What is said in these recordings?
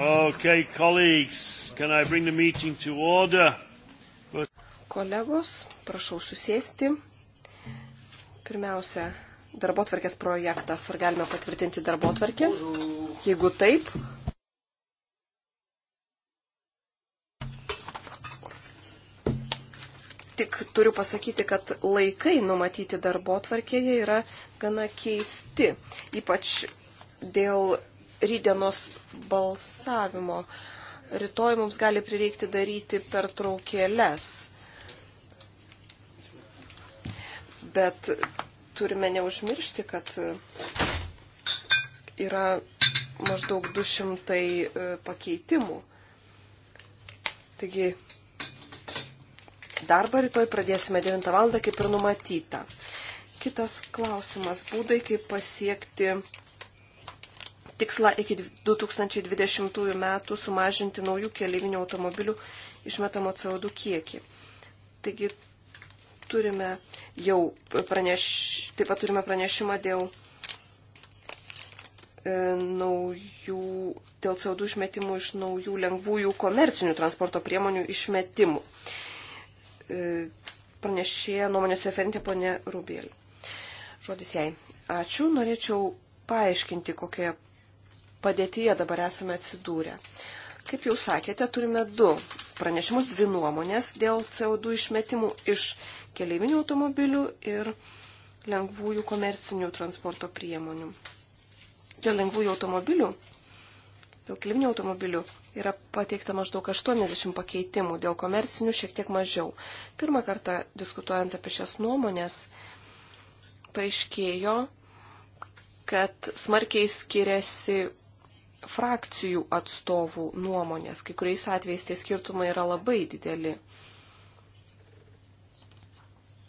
Okay, colleagues, can I bring the meeting to order? But... Kolegos, prašau susėsti. Pirmiausia, darbo tvarkės projektas. Ar galime patvirtinti darbo tvarkę? Jeigu taip. Tik turiu pasakyti, kad laikai numatyti darbo tvarkėje yra gana keisti. Ypač dėl rydienos balsavimo. Rytoj mums gali prireikti daryti pertraukėlės. Bet turime neužmiršti, kad yra maždaug 200 e, pakeitimų. Taigi darbą rytoj pradėsime 9 val. kaip ir numatyta. Kitas klausimas - būdai, kaip pasiekti tikslą iki 2020 metų sumažinti naujų keleivinių automobilių išmetamo CO2 kiekį. Taigi turime jau praneš, taip pat turime pranešimą dėl e, naujų, dėl CO2 išmetimų iš naujų lengvųjų komercinių transporto priemonių išmetimų. E, pranešėja nuomonės referentė ponė Rubėlė. Žodis jai. Ačiū. Norėčiau paaiškinti, kokioje padėtyje dabar esame atsidūrę. Kaip jau sakėte, turime du pranešimus, dvi nuomonės dėl CO2 išmetimų iš keleivinių automobilių ir lengvųjų komercinių transporto priemonių. Dėl lengvųjų automobilių, dėl keleivinių automobilių yra pateikta maždaug 80 pakeitimų, dėl komercinių šiek tiek mažiau. Pirmą kartą diskutuojant apie šias nuomonės, paaiškėjo, kad smarkiai skiriasi frakcijų atstovų nuomonės. Kai kuriais atvejais tie skirtumai yra labai dideli.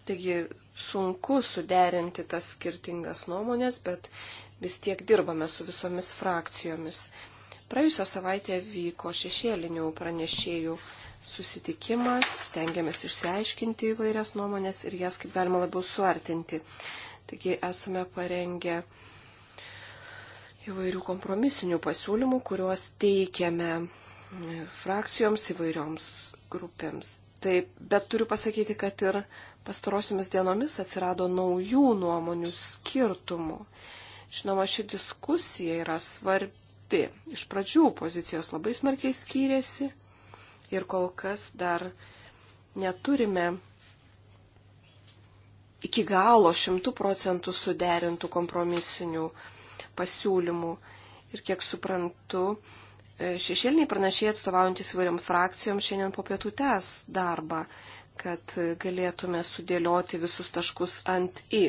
Taigi sunku suderinti tas skirtingas nuomonės, bet vis tiek dirbame su visomis frakcijomis. Praėjusią savaitę vyko šešėlinių pranešėjų susitikimas, stengiamės išsiaiškinti įvairias nuomonės ir jas kaip galima labiau suartinti. Taigi esame parengę įvairių kompromisinių pasiūlymų, kuriuos teikiame frakcijoms įvairioms grupėms. Taip, bet turiu pasakyti, kad ir pastarosiomis dienomis atsirado naujų nuomonių skirtumų. Žinoma, ši diskusija yra svarbi. Iš pradžių pozicijos labai smarkiai skyrėsi ir kol kas dar neturime iki galo šimtų procentų suderintų kompromisinių pasiūlymų pasiūlymų. Ir kiek suprantu, e, šešėliniai pranašiai atstovaujantis įvairiam frakcijom šiandien po pietų tęs darbą, kad galėtume sudėlioti visus taškus ant į.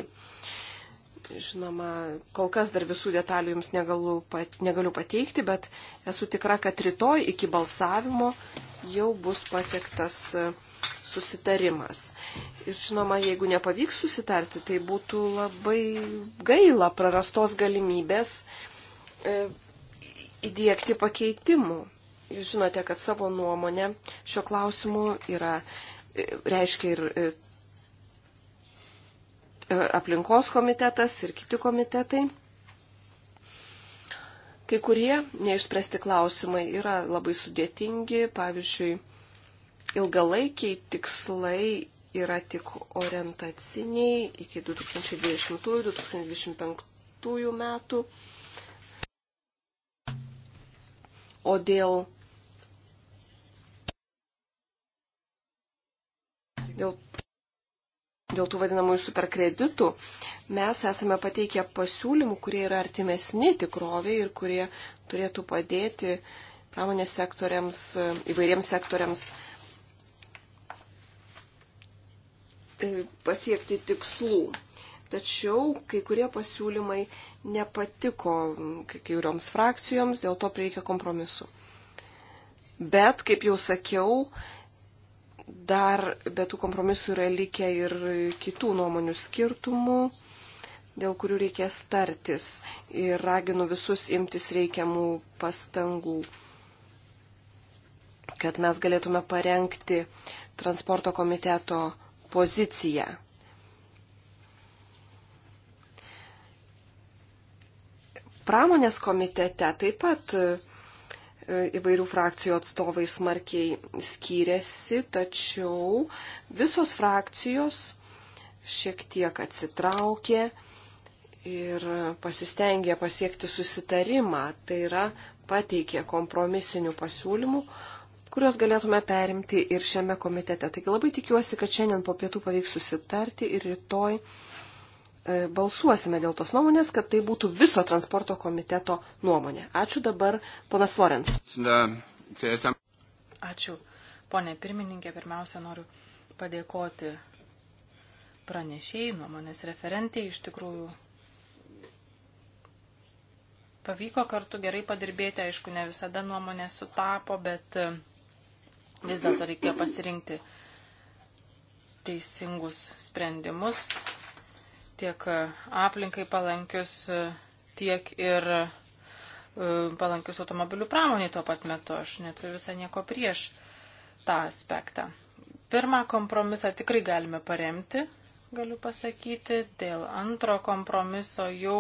Žinoma, kol kas dar visų detalių jums negalu, pat, negaliu pateikti, bet esu tikra, kad rytoj iki balsavimo jau bus pasiektas uh, susitarimas. Ir žinoma, jeigu nepavyks susitarti, tai būtų labai gaila prarastos galimybės e, įdėkti pakeitimų. Jūs žinote, kad savo nuomonę šio klausimu yra, e, reiškia ir e, e, aplinkos komitetas, ir kiti komitetai. Kai kurie neišspręsti klausimai yra labai sudėtingi, pavyzdžiui, ilgalaikiai tikslai yra tik orientaciniai iki 2020-2025 metų. O dėl, dėl, dėl tų vadinamųjų superkreditų mes esame pateikę pasiūlymų, kurie yra artimesni tikroviai ir kurie turėtų padėti pramonės sektoriams, įvairiems sektoriams E, pasiekti tikslų. Tačiau kai kurie pasiūlymai nepatiko kai kurioms frakcijoms, dėl to prieikia kompromisu. Bet, kaip jau sakiau, dar be tų kompromisų yra likę ir kitų nuomonių skirtumų, dėl kurių reikės tartis ir raginu visus imtis reikiamų pastangų, kad mes galėtume parengti transporto komiteto poziciją. Pramonės komitete taip pat e, įvairių frakcijų atstovai smarkiai skyrėsi, tačiau visos frakcijos šiek tiek atsitraukė ir pasistengė pasiekti susitarimą, tai yra pateikė kompromisinių pasiūlymų, kuriuos galėtume perimti ir šiame komitete. Taigi labai tikiuosi, kad šiandien po pietų pavyks susitarti ir rytoj e, balsuosime dėl tos nuomonės, kad tai būtų viso transporto komiteto nuomonė. Ačiū dabar, ponas Florens. Ačiū. Pone pirmininkė, pirmiausia, noriu padėkoti pranešėjai, nuomonės referentiai. Iš tikrųjų, pavyko kartu gerai padirbėti, aišku, ne visada nuomonė sutapo, bet vis dėlto reikėjo pasirinkti teisingus sprendimus, tiek aplinkai palankius, tiek ir e, palankius automobilių pramoniai tuo pat metu. Aš neturiu visai nieko prieš tą aspektą. Pirmą kompromisą tikrai galime paremti, galiu pasakyti. Dėl antro kompromiso jau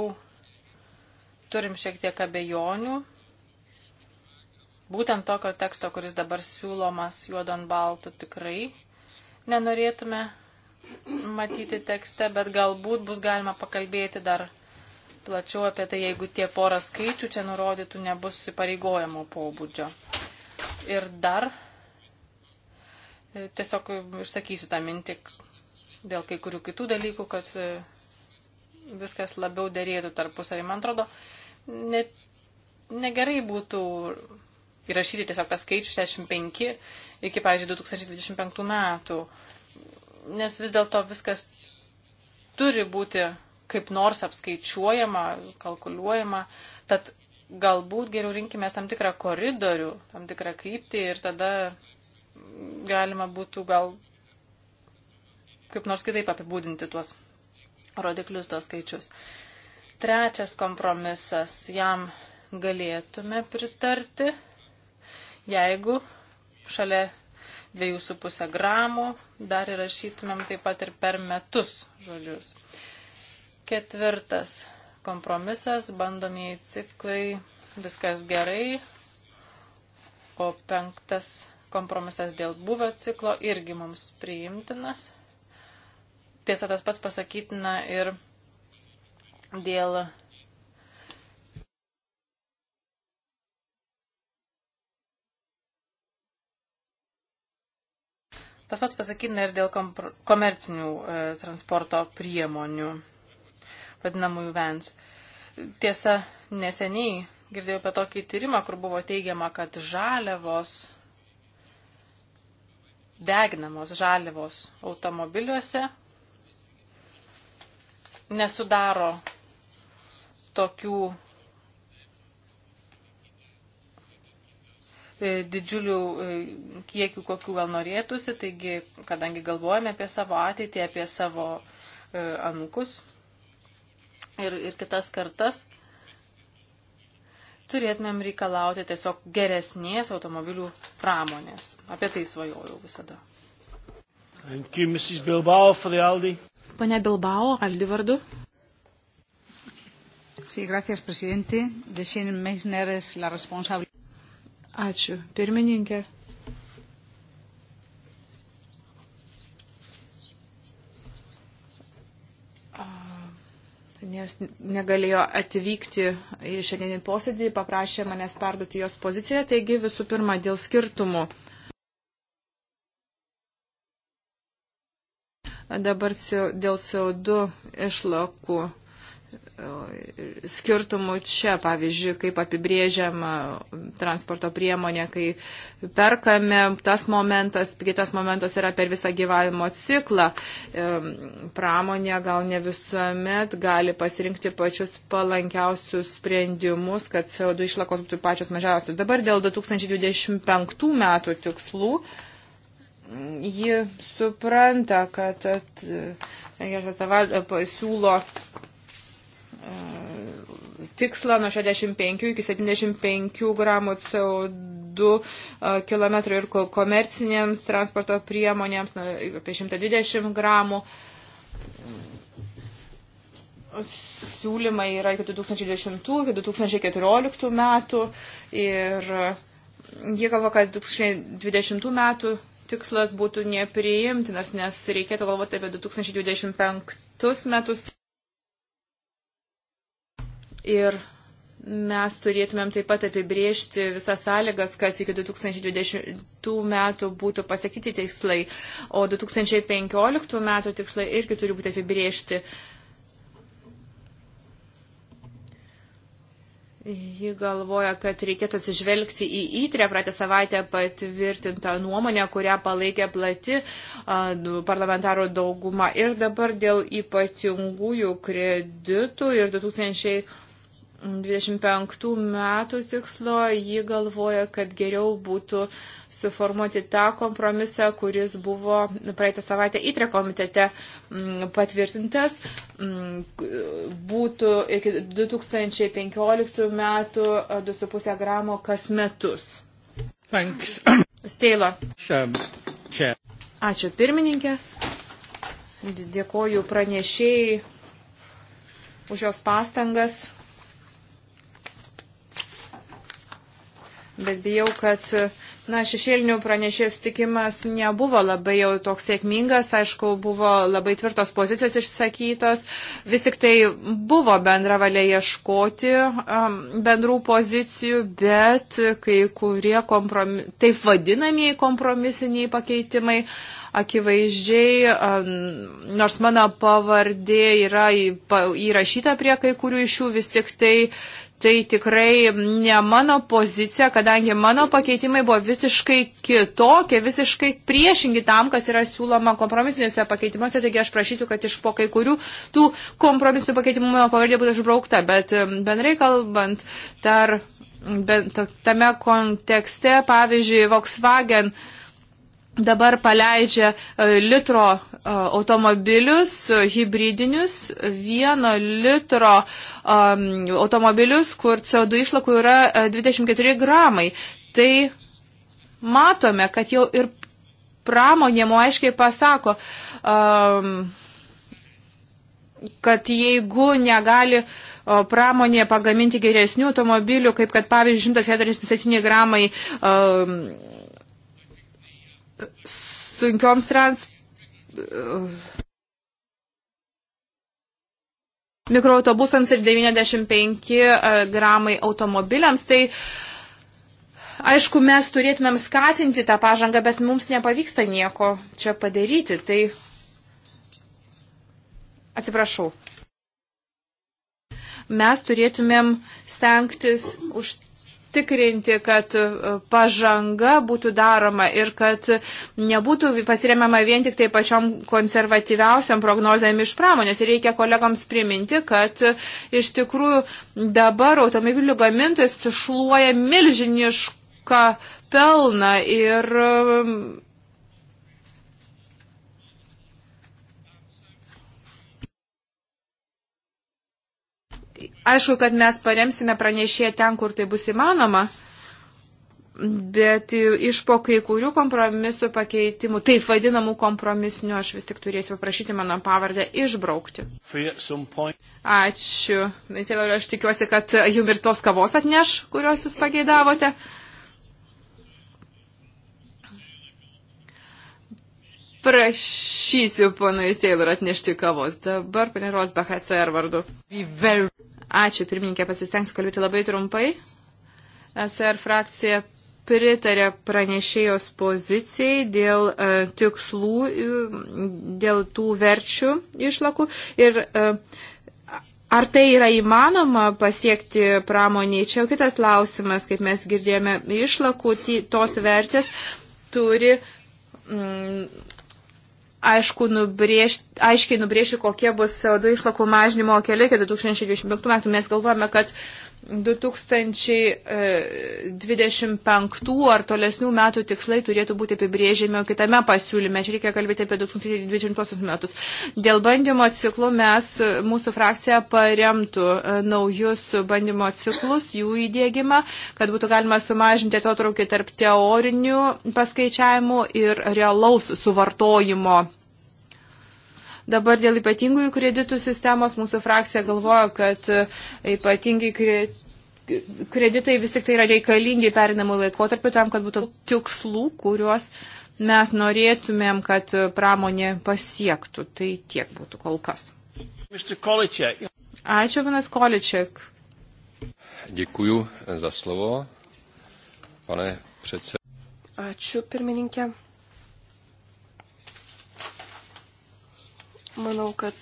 turim šiek tiek abejonių, būtent tokio teksto, kuris dabar siūlomas juodon baltų, tikrai nenorėtume matyti tekste, bet galbūt bus galima pakalbėti dar plačiau apie tai, jeigu tie porą skaičių čia nurodytų nebus įpareigojimo pobūdžio. Ir dar e, tiesiog išsakysiu tą mintį dėl kai kurių kitų dalykų, kad e, viskas labiau dėrėtų tarpusavį. Man atrodo, ne, negerai būtų įrašyti tiesiog tą skaičių 65 iki, pavyzdžiui, 2025 metų. Nes vis dėlto viskas turi būti kaip nors apskaičiuojama, kalkuliuojama. Tad galbūt geriau rinkime tam tikrą koridorių, tam tikrą kryptį ir tada galima būtų gal kaip nors kitaip apibūdinti tuos rodiklius, tuos skaičius. Trečias kompromisas, jam galėtume pritarti, jeigu šalia 2,5 gramų dar įrašytumėm taip pat ir per metus žodžius. Ketvirtas kompromisas, bandomieji ciklai, viskas gerai, o penktas kompromisas dėl buvę ciklo irgi mums priimtinas. Tiesa, tas pats pasakytina ir dėl Tas pats pasakytina ir dėl komercinių e, transporto priemonių, vadinamųjų vens. Tiesa, neseniai girdėjau apie tokį tyrimą, kur buvo teigiama, kad žaliavos, deginamos žaliavos automobiliuose nesudaro tokių E, didžiulių e, kiekių, kokių gal norėtųsi, taigi, kadangi galvojame apie savo ateitį, apie savo e, anūkus ir, ir kitas kartas, turėtumėm reikalauti tiesiog geresnės automobilių pramonės. Apie tai svajojau visada. Thank you, Mrs. Bilbao, for the Aldi. Pane Bilbao, Aldi vardu. Sí, gracias, presidente. De Meissner es la responsable. Ačiū, pirmininkė. nes negalėjo atvykti į šiandienin posėdį, paprašė manęs perduoti jos poziciją, taigi visų pirma dėl skirtumų. Dabar dėl CO2 išlakų skirtumų čia, pavyzdžiui, kaip apibrėžiama transporto priemonė, kai perkame, tas momentas, kitas momentas yra per visą gyvavimo ciklą. Pramonė gal ne visuomet gali pasirinkti pačius palankiausius sprendimus, kad CO2 išlakos būtų pačios mažiausios. Dabar dėl 2025 metų tikslų ji supranta, kad at, at, at, siūlo tikslą nuo 65 iki 75 gramų CO2 e, km ir komercinėms transporto priemonėms nu, apie 120 gramų. Siūlymai yra iki 2010, iki 2014 metų ir e, jie galvo, kad 2020 metų tikslas būtų nepriimtinas, nes reikėtų galvoti apie 2025 metus. Ir mes turėtumėm taip pat apibriežti visas sąlygas, kad iki 2020 metų būtų pasakyti tikslai, o 2015 metų tikslai irgi turi būti apibriežti. Ji galvoja, kad reikėtų atsižvelgti į įtrę praeitą savaitę patvirtintą nuomonę, kurią palaikė plati parlamentarų dauguma. Ir dabar dėl ypatingųjų kreditų ir 2000 25 metų tikslo, ji galvoja, kad geriau būtų suformuoti tą kompromisą, kuris buvo praeitą savaitę įtre komitete mm, patvirtintas, mm, būtų iki 2015 metų 2,5 e, gramo kas metus. Thanks. Steilo. Ačiū pirmininkė. Dėkoju pranešėjai už jos pastangas bet bijau, kad na, šešėlinių pranešėjų sutikimas nebuvo labai jau toks sėkmingas, aišku, buvo labai tvirtos pozicijos išsakytos, vis tik tai buvo bendra valia ieškoti um, bendrų pozicijų, bet kai kurie kompromis, taip vadinamieji kompromisiniai pakeitimai, akivaizdžiai, um, nors mano pavardė yra įrašyta prie kai kurių iš jų, vis tik tai tai tikrai ne mano pozicija, kadangi mano pakeitimai buvo visiškai kitokie, visiškai priešingi tam, kas yra siūloma kompromisiniuose pakeitimuose, taigi aš prašysiu, kad iš po kai kurių tų kompromisinių pakeitimų mano pavardė būtų išbraukta, bet bendrai kalbant, tar, bet, tame kontekste, pavyzdžiui, Volkswagen uh, dabar paleidžia e, litro e, automobilius, e, hybridinius, vieno litro um, automobilius, kur CO2 išlakų yra 24 gramai. Tai matome, kad jau ir pramonė mu aiškiai pasako, um, kad jeigu negali uh, O pramonė pagaminti geresnių automobilių, kaip kad pavyzdžiui 147 gramai um, sunkioms trans mikroautobusams ir 95 e, gramai automobiliams. Tai aišku, mes turėtumėm skatinti tą pažangą, bet mums nepavyksta nieko čia padaryti. Tai atsiprašau. Mes turėtumėm stengtis už užtikrinti, kad e, pažanga būtų daroma ir kad nebūtų pasiremiama vien tik tai pačiom konservatyviausiam prognozėm iš pramonės. Ir reikia kolegoms priminti, kad e, iš tikrųjų dabar automobilių gamintojas šluoja milžinišką pelną ir aišku, kad mes paremsime pranešėją ten, kur tai bus įmanoma, bet iš po kai kurių kompromisų pakeitimų, taip vadinamų kompromisinių, aš vis tik turėsiu paprašyti mano pavardę išbraukti. Ačiū. Tai aš tikiuosi, kad jum ir tos kavos atneš, kurios jūs pageidavote. prašysiu ponui Taylor atnešti kavos. Dabar ponė Rosbach ACR vardu. Ačiū, pirmininkė, pasistengsiu kalbėti labai trumpai. ACR frakcija pritarė pranešėjos pozicijai dėl e, tikslų, e, dėl tų verčių išlakų. Ir, e, Ar tai yra įmanoma pasiekti pramoniai? Čia jau kitas klausimas, kaip mes girdėjome, išlakų tos vertės turi mm, aišku, nubrėž, aiškiai nubrėžti, kokie bus CO2 išlakų mažinimo keliai iki 2025 metų. Mes galvojame, kad 2025 ar tolesnių metų tikslai turėtų būti apibrėžiami, o kitame pasiūlyme, čia reikia kalbėti apie 2020 metus. Dėl bandymo ciklų mes, mūsų frakcija paremtų e, naujus bandymo ciklus, jų įdėgymą, kad būtų galima sumažinti atotraukį tarp teorinių paskaičiavimų ir realaus suvartojimo Dabar dėl ypatingųjų kreditų sistemos mūsų frakcija galvoja, kad e, ypatingai kreditai vis tik tai yra reikalingi perinamų laikotarpių tam, kad būtų tikslų, kuriuos mes norėtumėm, kad e, pramonė pasiektų. Tai tiek būtų kol kas. Ačiū, panas Količiak. Dėkuju za slovo, pane předsedo. Ačiū, pirmininkė. Manau, kad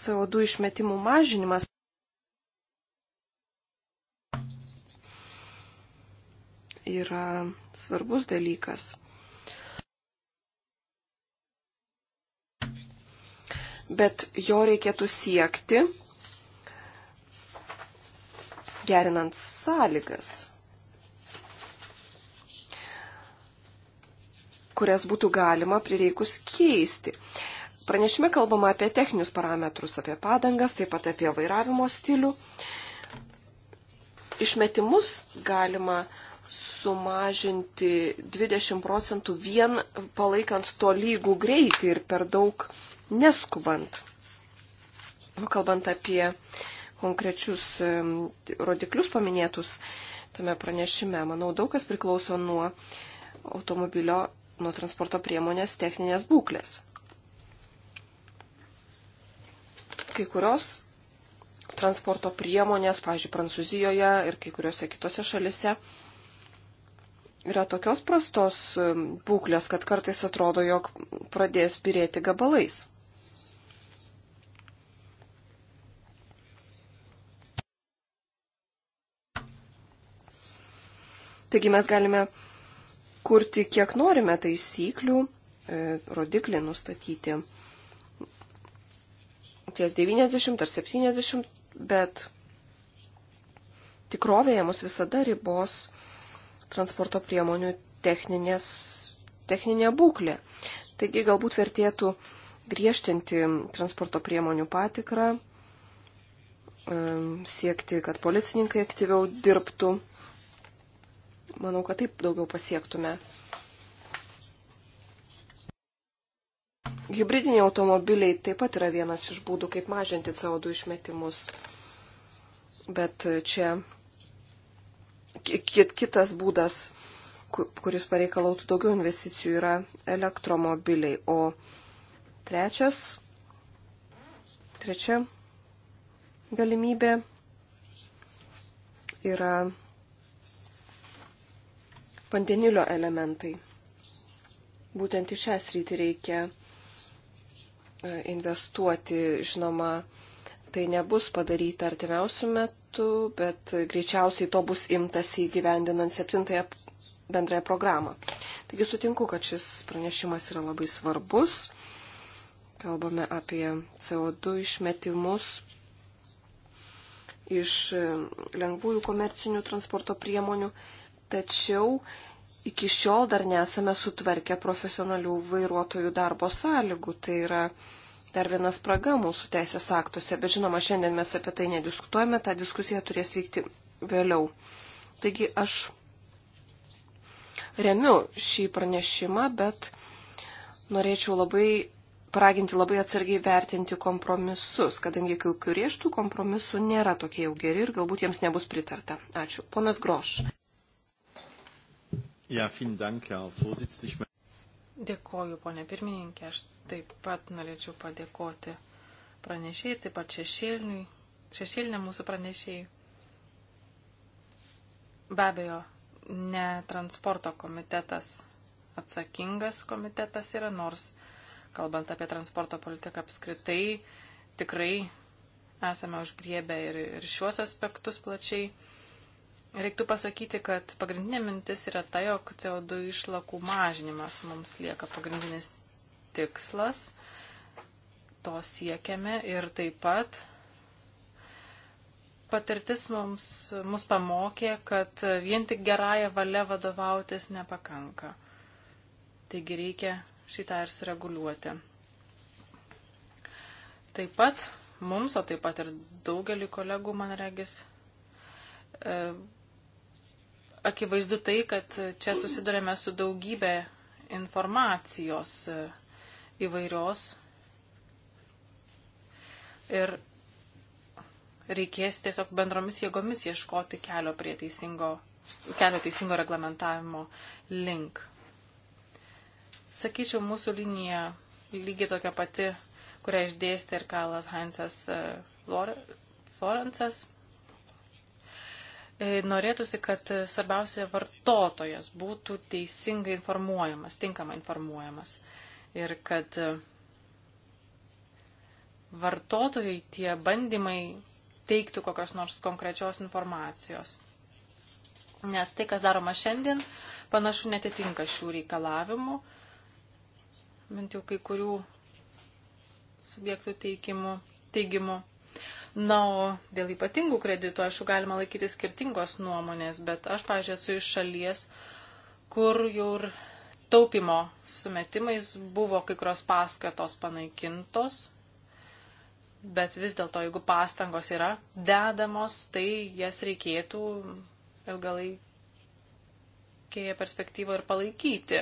CO2 išmetimų mažinimas yra svarbus dalykas. Bet jo reikėtų siekti gerinant sąlygas, kurias būtų galima prireikus keisti. Pranešime kalbama apie techninius parametrus, apie padangas, taip pat apie vairavimo stilių. Išmetimus galima sumažinti 20 procentų vien palaikant to lygų greitį ir per daug neskubant. O kalbant apie konkrečius rodiklius paminėtus tame pranešime, manau, daug kas priklauso nuo automobilio, nuo transporto priemonės techninės būklės. Kai kurios transporto priemonės, pavyzdžiui, Prancūzijoje ir kai kuriuose kitose šalise yra tokios prastos um, būklės, kad kartais atrodo, jog pradės birėti gabalais. Taigi mes galime kurti kiek norime taisyklių, e, rodiklį nustatyti ties 90 ar 70, bet tikrovėje mus visada ribos transporto priemonių techninės, techninė būklė. Taigi galbūt vertėtų griežtinti transporto priemonių patikrą, siekti, kad policininkai aktyviau dirbtų. Manau, kad taip daugiau pasiektume Hybridiniai automobiliai taip pat yra vienas iš būdų, kaip mažinti CO2 išmetimus. Bet čia kitas būdas, kuris pareikalautų daugiau investicijų, yra elektromobiliai. O trečias, trečia galimybė yra vandenilio elementai. Būtent į šią sritį reikia investuoti. Žinoma, tai nebus padaryta artimiausių metų, bet greičiausiai to bus imtasi įgyvendinant septintąją bendrąją programą. Taigi sutinku, kad šis pranešimas yra labai svarbus. Kalbame apie CO2 išmetimus iš lengvųjų komercinių transporto priemonių. Tačiau iki šiol dar nesame sutvarkę profesionalių vairuotojų darbo sąlygų. Tai yra dar viena spraga mūsų teisės aktuose, bet žinoma, šiandien mes apie tai nediskutuojame, ta diskusija turės vykti vėliau. Taigi aš remiu šį pranešimą, bet norėčiau labai paraginti labai atsargiai vertinti kompromisus, kadangi kai kurie iš tų kompromisų nėra tokie jau geri ir galbūt jiems nebus pritarta. Ačiū. Ponas Groš. Ja, vielen Dank, Herr Vorsitzender. Dėkoju, ponė pirmininkė. Aš taip pat norėčiau padėkoti pranešėjai, taip pat šešėliniui, šešėlinė mūsų pranešėjai. Be abejo, ne transporto komitetas atsakingas komitetas yra, nors, kalbant apie transporto politiką apskritai, tikrai esame užgriebę ir, ir šiuos aspektus plačiai. Reiktų pasakyti, kad pagrindinė mintis yra ta, jog CO2 išlakų mažinimas mums lieka pagrindinis tikslas. To siekiame ir taip pat patirtis mums, mus pamokė, kad vien tik gerąją valią vadovautis nepakanka. Taigi reikia šitą ir sureguliuoti. Taip pat mums, o taip pat ir daugeliu kolegų, man regis, e, akivaizdu tai, kad čia susidurėme su daugybė informacijos e, įvairios ir reikės tiesiog bendromis jėgomis ieškoti kelio prie teisingo, kelio teisingo reglamentavimo link. Sakyčiau, mūsų linija lygiai tokia pati, kurią išdėstė ir Karlas Heinzas e, Florensas. E, norėtųsi, kad svarbiausia vartotojas būtų teisingai informuojamas, tinkamai informuojamas. Ir kad e, vartotojai tie bandymai teiktų kokios nors konkrečios informacijos. Nes tai, kas daroma šiandien, panašu netitinka šių reikalavimų, bent jau kai kurių subjektų teikimų, teigimų. Na, o dėl ypatingų kreditų, aišku, galima laikyti skirtingos nuomonės, bet aš, pažiūrėjau, esu iš šalies, kur jau ir taupimo sumetimais buvo kai kurios paskatos panaikintos, bet vis dėlto, jeigu pastangos yra dedamos, tai jas reikėtų ilgalaikėje perspektyvoje ir palaikyti.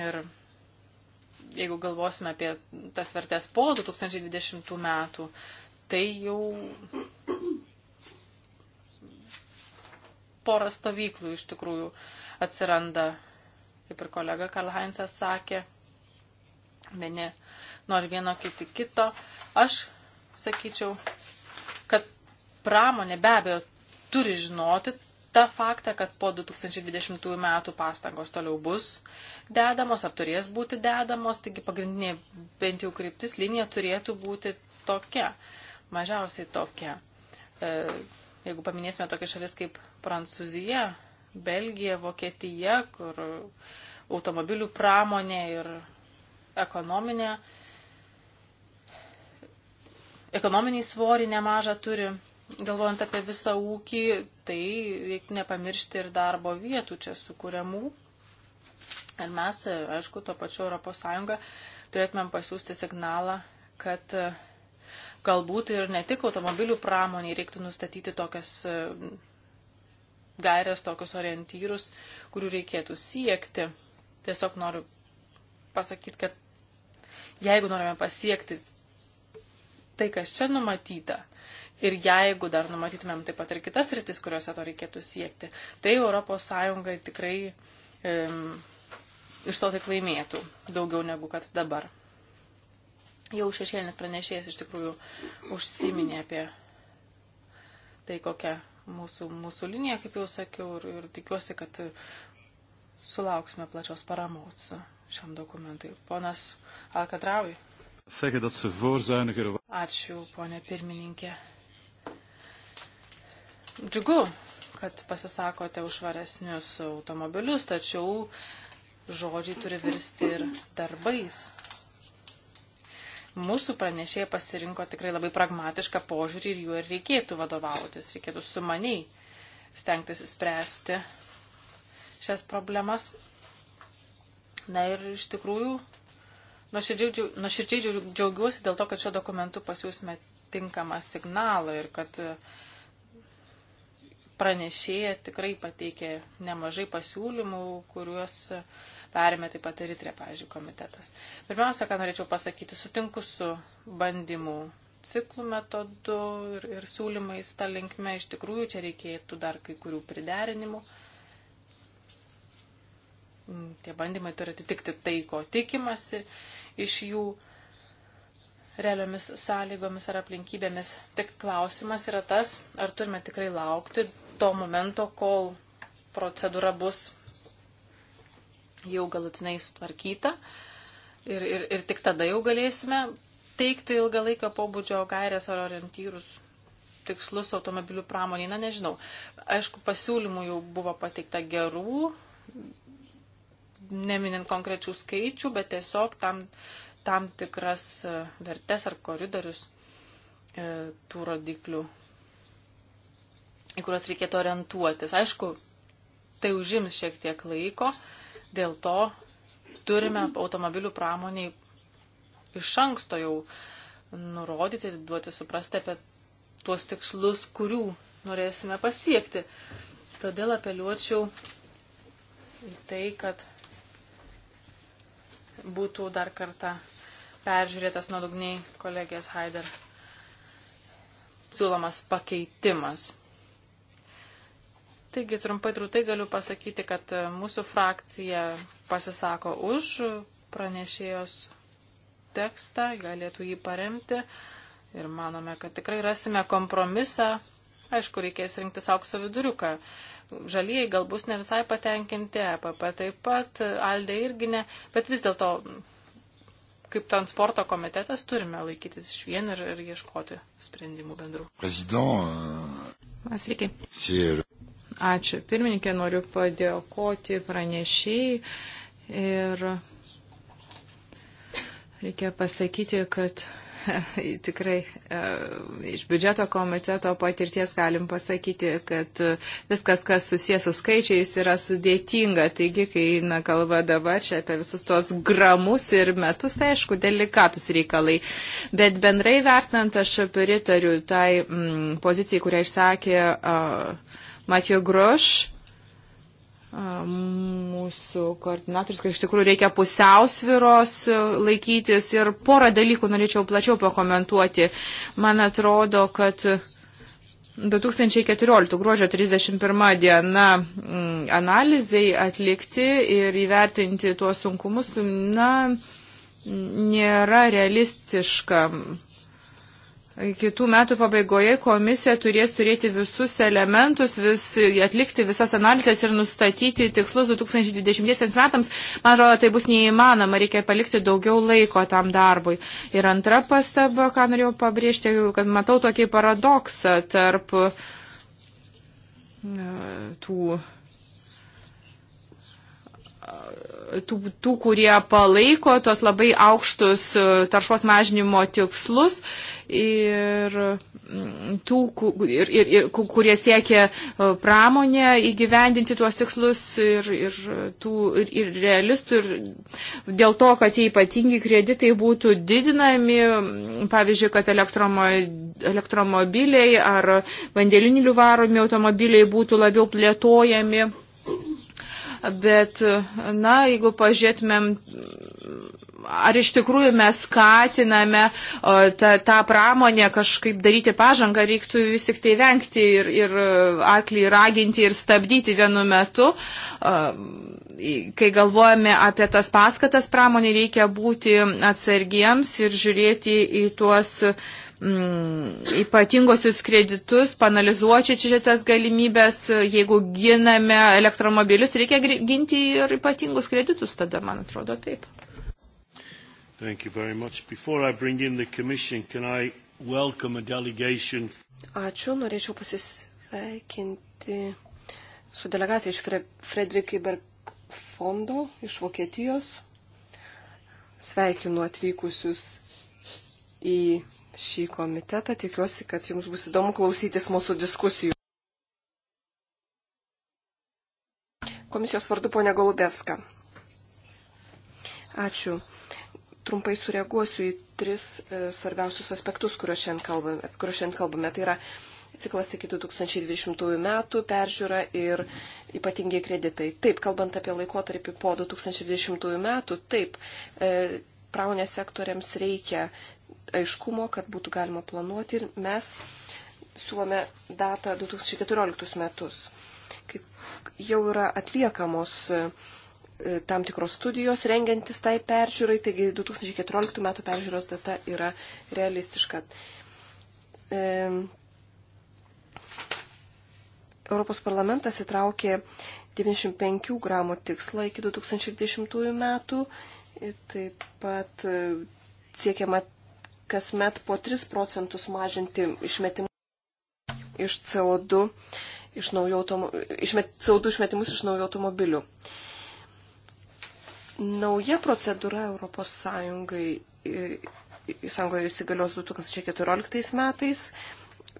Ir jeigu galvosime apie tas vertės po 2020 metų, tai jau porą stovyklų iš tikrųjų atsiranda, kaip ir kolega Karl Heinzas sakė, vieni nori vieno kiti kito. Aš sakyčiau, kad pramonė be abejo turi žinoti tą faktą, kad po 2020 metų pastangos toliau bus dedamos ar turės būti dedamos, taigi pagrindinė bent jau kryptis linija turėtų būti tokia mažiausiai tokia. E, jeigu paminėsime tokias šalis kaip Prancūzija, Belgija, Vokietija, kur automobilių pramonė ir ekonominė, ekonominiai svorį nemažą turi, galvojant apie visą ūkį, tai reikia nepamiršti ir darbo vietų čia sukūriamų. Ir mes, aišku, to pačiu ES turėtumėm pasiūsti signalą, kad Galbūt ir ne tik automobilių pramoniai reiktų nustatyti tokias e, gairias, tokius orientyrus, kurių reikėtų siekti. Tiesiog noriu pasakyti, kad jeigu norime pasiekti tai, kas čia numatyta, ir jeigu dar numatytumėm taip pat ir kitas rytis, kuriuose to reikėtų siekti, tai ES tikrai um, e, iš to tik laimėtų daugiau negu kad dabar. Jau šešėlinis pranešėjas iš tikrųjų užsiminė apie tai, kokia mūsų, mūsų linija, kaip jau sakiau, ir, ir tikiuosi, kad sulauksime plačios paramos šiam dokumentui. Ponas Alkatraui. Sakė, kad suvorzanik ir. Ačiū, ponė pirmininkė. Džiugu, kad pasisakote už švaresnius automobilius, tačiau žodžiai turi virsti ir darbais mūsų pranešėja pasirinko tikrai labai pragmatišką požiūrį ir juo ir reikėtų vadovautis, reikėtų sumaniai stengtis spręsti šias problemas. Na ir iš tikrųjų, nuoširdžiai džiaugiuosi dėl to, kad šio dokumentu pasiūsime tinkamą signalą ir kad pranešėja tikrai pateikė nemažai pasiūlymų, kuriuos perėmė taip pat Eritrė, pavyzdžiui, komitetas. Pirmiausia, ką norėčiau pasakyti, sutinku su bandymų ciklų metodu ir, ir siūlymais tą linkme. Iš tikrųjų, čia reikėtų dar kai kurių priderinimų. Tie bandymai turi atitikti tai, ko tikimasi iš jų realiomis sąlygomis ar aplinkybėmis. Tik klausimas yra tas, ar turime tikrai laukti to momento, kol procedūra bus jau galutinai sutvarkyta ir, ir, ir tik tada jau galėsime teikti ilgalaikio pobūdžio gairės ar orientyrus tikslus automobilių pramoniai, na nežinau. Aišku, pasiūlymų jau buvo pateikta gerų, neminint konkrečių skaičių, bet tiesiog tam, tam tikras e, vertes ar koridorius e, tų rodiklių, į kuriuos reikėtų orientuotis. Aišku, tai užims šiek tiek laiko, Dėl to turime automobilių pramoniai iš anksto jau nurodyti, duoti suprasti apie tuos tikslus, kurių norėsime pasiekti. Todėl apeliuočiau į tai, kad būtų dar kartą peržiūrėtas nuodugniai kolegės Haider siūlomas pakeitimas. Taigi trumpai trūtai galiu pasakyti, kad e, mūsų frakcija pasisako už pranešėjos tekstą, galėtų jį paremti ir manome, kad tikrai rasime kompromisą. Aišku, reikės rinktis aukso viduriuką. Žalieji gal bus ne visai patenkinti, EPP taip pat, Aldė irgi ne, bet vis dėlto kaip transporto komitetas turime laikytis iš vien ir, ir ieškoti sprendimų bendrų. President. Mes euh, reikia. Ačiū. Pirmininkė, noriu padėkoti pranešiai ir reikia pasakyti, kad tikrai e, iš biudžeto komiteto patirties galim pasakyti, kad viskas, kas susijęs su skaičiais, yra sudėtinga. Taigi, kai eina kalba dabar čia apie visus tuos gramus ir metus, tai aišku, delikatus reikalai. Bet bendrai vertinant, aš pritariu tai mm, pozicijai, kurią išsakė. Uh, Matijo Gruš, mūsų koordinatorius, kad iš tikrųjų reikia pusiausviros e, laikytis ir porą dalykų norėčiau plačiau pakomentuoti. Man atrodo, kad 2014 gruodžio 31 diena analizai atlikti ir įvertinti tuos sunkumus, na, nėra realistiška Kitų metų pabaigoje komisija turės turėti visus elementus, vis, atlikti visas analizės ir nustatyti tikslus 2020 metams. Man atrodo, tai bus neįmanoma, reikia palikti daugiau laiko tam darbui. Ir antra pastaba, ką norėjau pabrėžti, kad matau tokį paradoksą tarp e, tų tų, tų, kurie palaiko tuos labai aukštus e, taršos mažinimo tikslus ir mm, tų, ir, ir, ir, kurie siekia e, pramonę įgyvendinti tuos tikslus ir, ir, tų, ir, ir realistų. Ir dėl to, kad tie ypatingi kreditai būtų didinami, mm, pavyzdžiui, kad elektromo, elektromobiliai ar vandenilių varomi automobiliai būtų labiau plėtojami bet, na, jeigu pažiūrėtumėm ar iš tikrųjų mes skatiname tą, tą pramonę kažkaip daryti pažangą, reiktų vis tik tai vengti ir, ir arklį raginti ir stabdyti vienu metu. Kai galvojame apie tas paskatas pramonį, reikia būti atsargiems ir žiūrėti į tuos uh, mm, ypatingosius kreditus, panalizuočiau čia šitas galimybės, jeigu giname elektromobilius, reikia ginti ir ypatingus kreditus, tada man atrodo taip. Commission, Ačiū, norėčiau pasisveikinti su delegacija iš Fre Frederikai Berg fondo iš Vokietijos. Sveikinu atvykusius į šį komitetą. Tikiuosi, kad jums bus įdomu klausytis mūsų diskusijų. Komisijos vardu ponė Galubeska. Ačiū. Trumpai sureaguosiu į tris e, svarbiausius aspektus, kuriuos šiandien kalbame. Kuriuos šiandien kalbame. Tai yra ciklas iki 2020 metų peržiūra ir ypatingiai kreditai. Taip, kalbant apie laikotarpį po 2020 metų, taip, e, pramonės sektoriams reikia aiškumo, kad būtų galima planuoti ir mes siūlome datą 2014 metus. Kaip jau yra atliekamos e, tam tikros studijos rengiantis tai peržiūrai, taigi 2014 metų peržiūros data yra realistiška. E, Europos parlamentas įtraukė 95 gramų tikslą iki 2020 metų, taip pat e, siekiama kasmet po 3 procentus mažinti išmetimų iš CO2, iš naujo automo, išmet, CO2 išmetimus iš naujų automobilių. Nauja procedūra Europos Sąjungai, Sąjungoje įsigalios 2014 metais,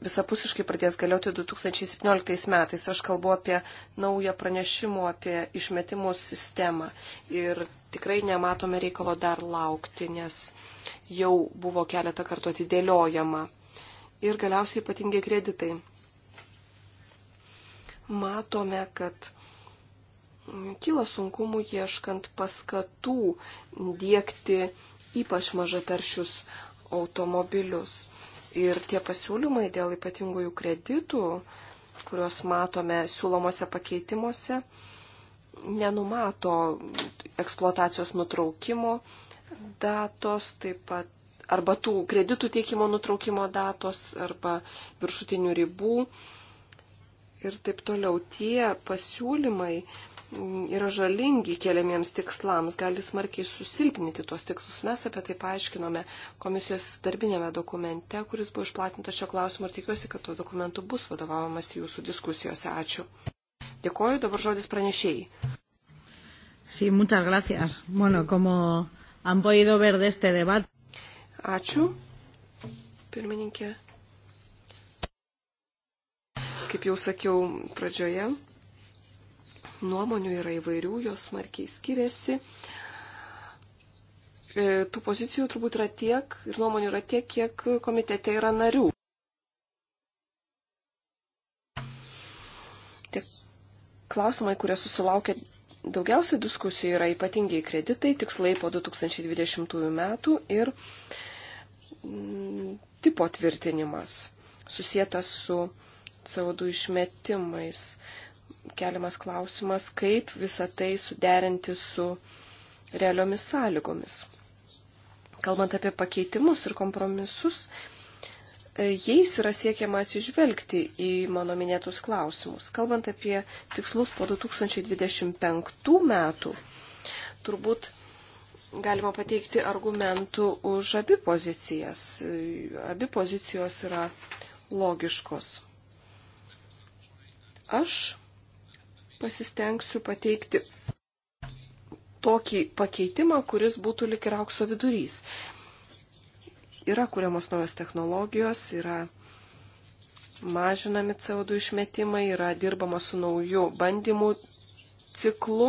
visapusiškai pradės galioti 2017 metais. Aš kalbu apie naują pranešimų apie išmetimų sistemą ir tikrai nematome reikalo dar laukti, nes jau buvo keletą kartų atidėliojama. Ir galiausiai ypatingai kreditai. Matome, kad kyla sunkumų ieškant paskatų dėkti ypač mažataršius automobilius. Ir tie pasiūlymai dėl ypatingųjų kreditų, kuriuos matome siūlomose pakeitimuose, nenumato eksploatacijos nutraukimo, datos, taip pat arba tų kreditų teikimo nutraukimo datos, arba viršutinių ribų ir taip toliau. Tie pasiūlymai yra žalingi keliamiems tikslams, gali smarkiai susilpninti tuos tikslus. Mes apie tai paaiškinome komisijos darbinėme dokumente, kuris buvo išplatintas šio klausimo ir tikiuosi, kad tuo dokumentu bus vadovavimas jūsų diskusijose. Ačiū. Dėkoju, dabar žodis pranešėjai. Sí, muchas gracias. Bueno, como han podido ver de este debate. Ačiū, pirmininkė. Kaip jau sakiau pradžioje, nuomonių yra įvairių, jos smarkiai skiriasi. E, tų pozicijų turbūt yra tiek ir nuomonių yra tiek, kiek komitete yra narių. Tie klausimai, kurie susilaukia Daugiausia diskusijų yra ypatingiai kreditai, tikslai po 2020 metų ir mm, tipo tvirtinimas susijęs su CO2 išmetimais. Keliamas klausimas, kaip visą tai suderinti su realiomis sąlygomis. Kalbant apie pakeitimus ir kompromisus, jais yra siekiama atsižvelgti į mano minėtus klausimus. Kalbant apie tikslus po 2025 metų, turbūt galima pateikti argumentų už abi pozicijas. Abi pozicijos yra logiškos. Aš pasistengsiu pateikti tokį pakeitimą, kuris būtų lik ir aukso vidurys. Yra kuriamos naujos technologijos, yra mažinami CO2 išmetimai, yra dirbama su nauju bandymų ciklu,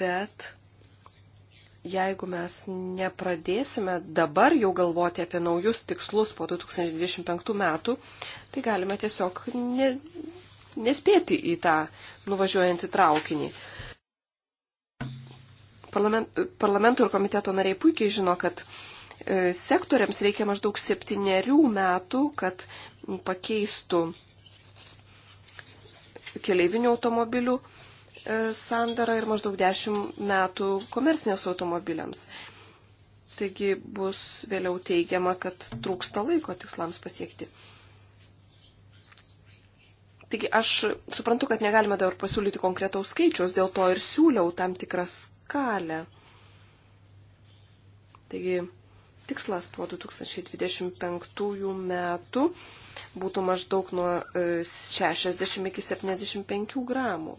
bet jeigu mes nepradėsime dabar jau galvoti apie naujus tikslus po 2025 metų, tai galime tiesiog ne, nespėti į tą nuvažiuojantį traukinį. Parlament, parlamento ir komiteto nariai puikiai žino, kad e, sektoriams reikia maždaug septyniarių metų, kad pakeistų keleivinių automobilių e, sandarą ir maždaug 10 metų komersinės automobiliams. Taigi bus vėliau teigiama, kad trūksta laiko tikslams pasiekti. Taigi aš suprantu, kad negalime dabar pasiūlyti konkretaus skaičiaus, dėl to ir siūliau tam tikras kalę. Taigi tikslas po 2025 metų būtų maždaug nuo 60 e, iki 75 gramų.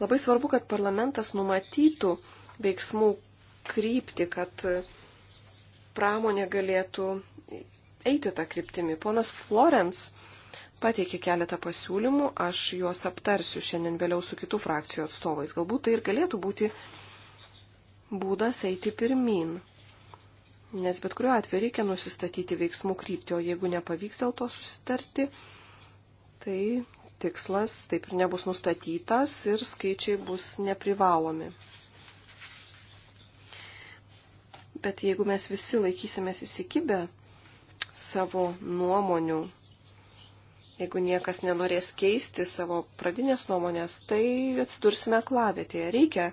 Labai svarbu, kad parlamentas numatytų veiksmų kryptį, kad e, pramonė galėtų eiti tą kryptimį. Ponas Florence pateikė keletą pasiūlymų, aš juos aptarsiu šiandien vėliau su kitų frakcijų atstovais. Galbūt tai ir galėtų būti būdas eiti pirmin. Nes bet kuriuo atveju reikia nusistatyti veiksmų kryptį, o jeigu nepavyks dėl to susitarti, tai tikslas taip ir nebus nustatytas ir skaičiai bus neprivalomi. Bet jeigu mes visi laikysimės įsikibę savo nuomonių Jeigu niekas nenorės keisti savo pradinės nuomonės, tai atsidursime klavėtėje. Reikia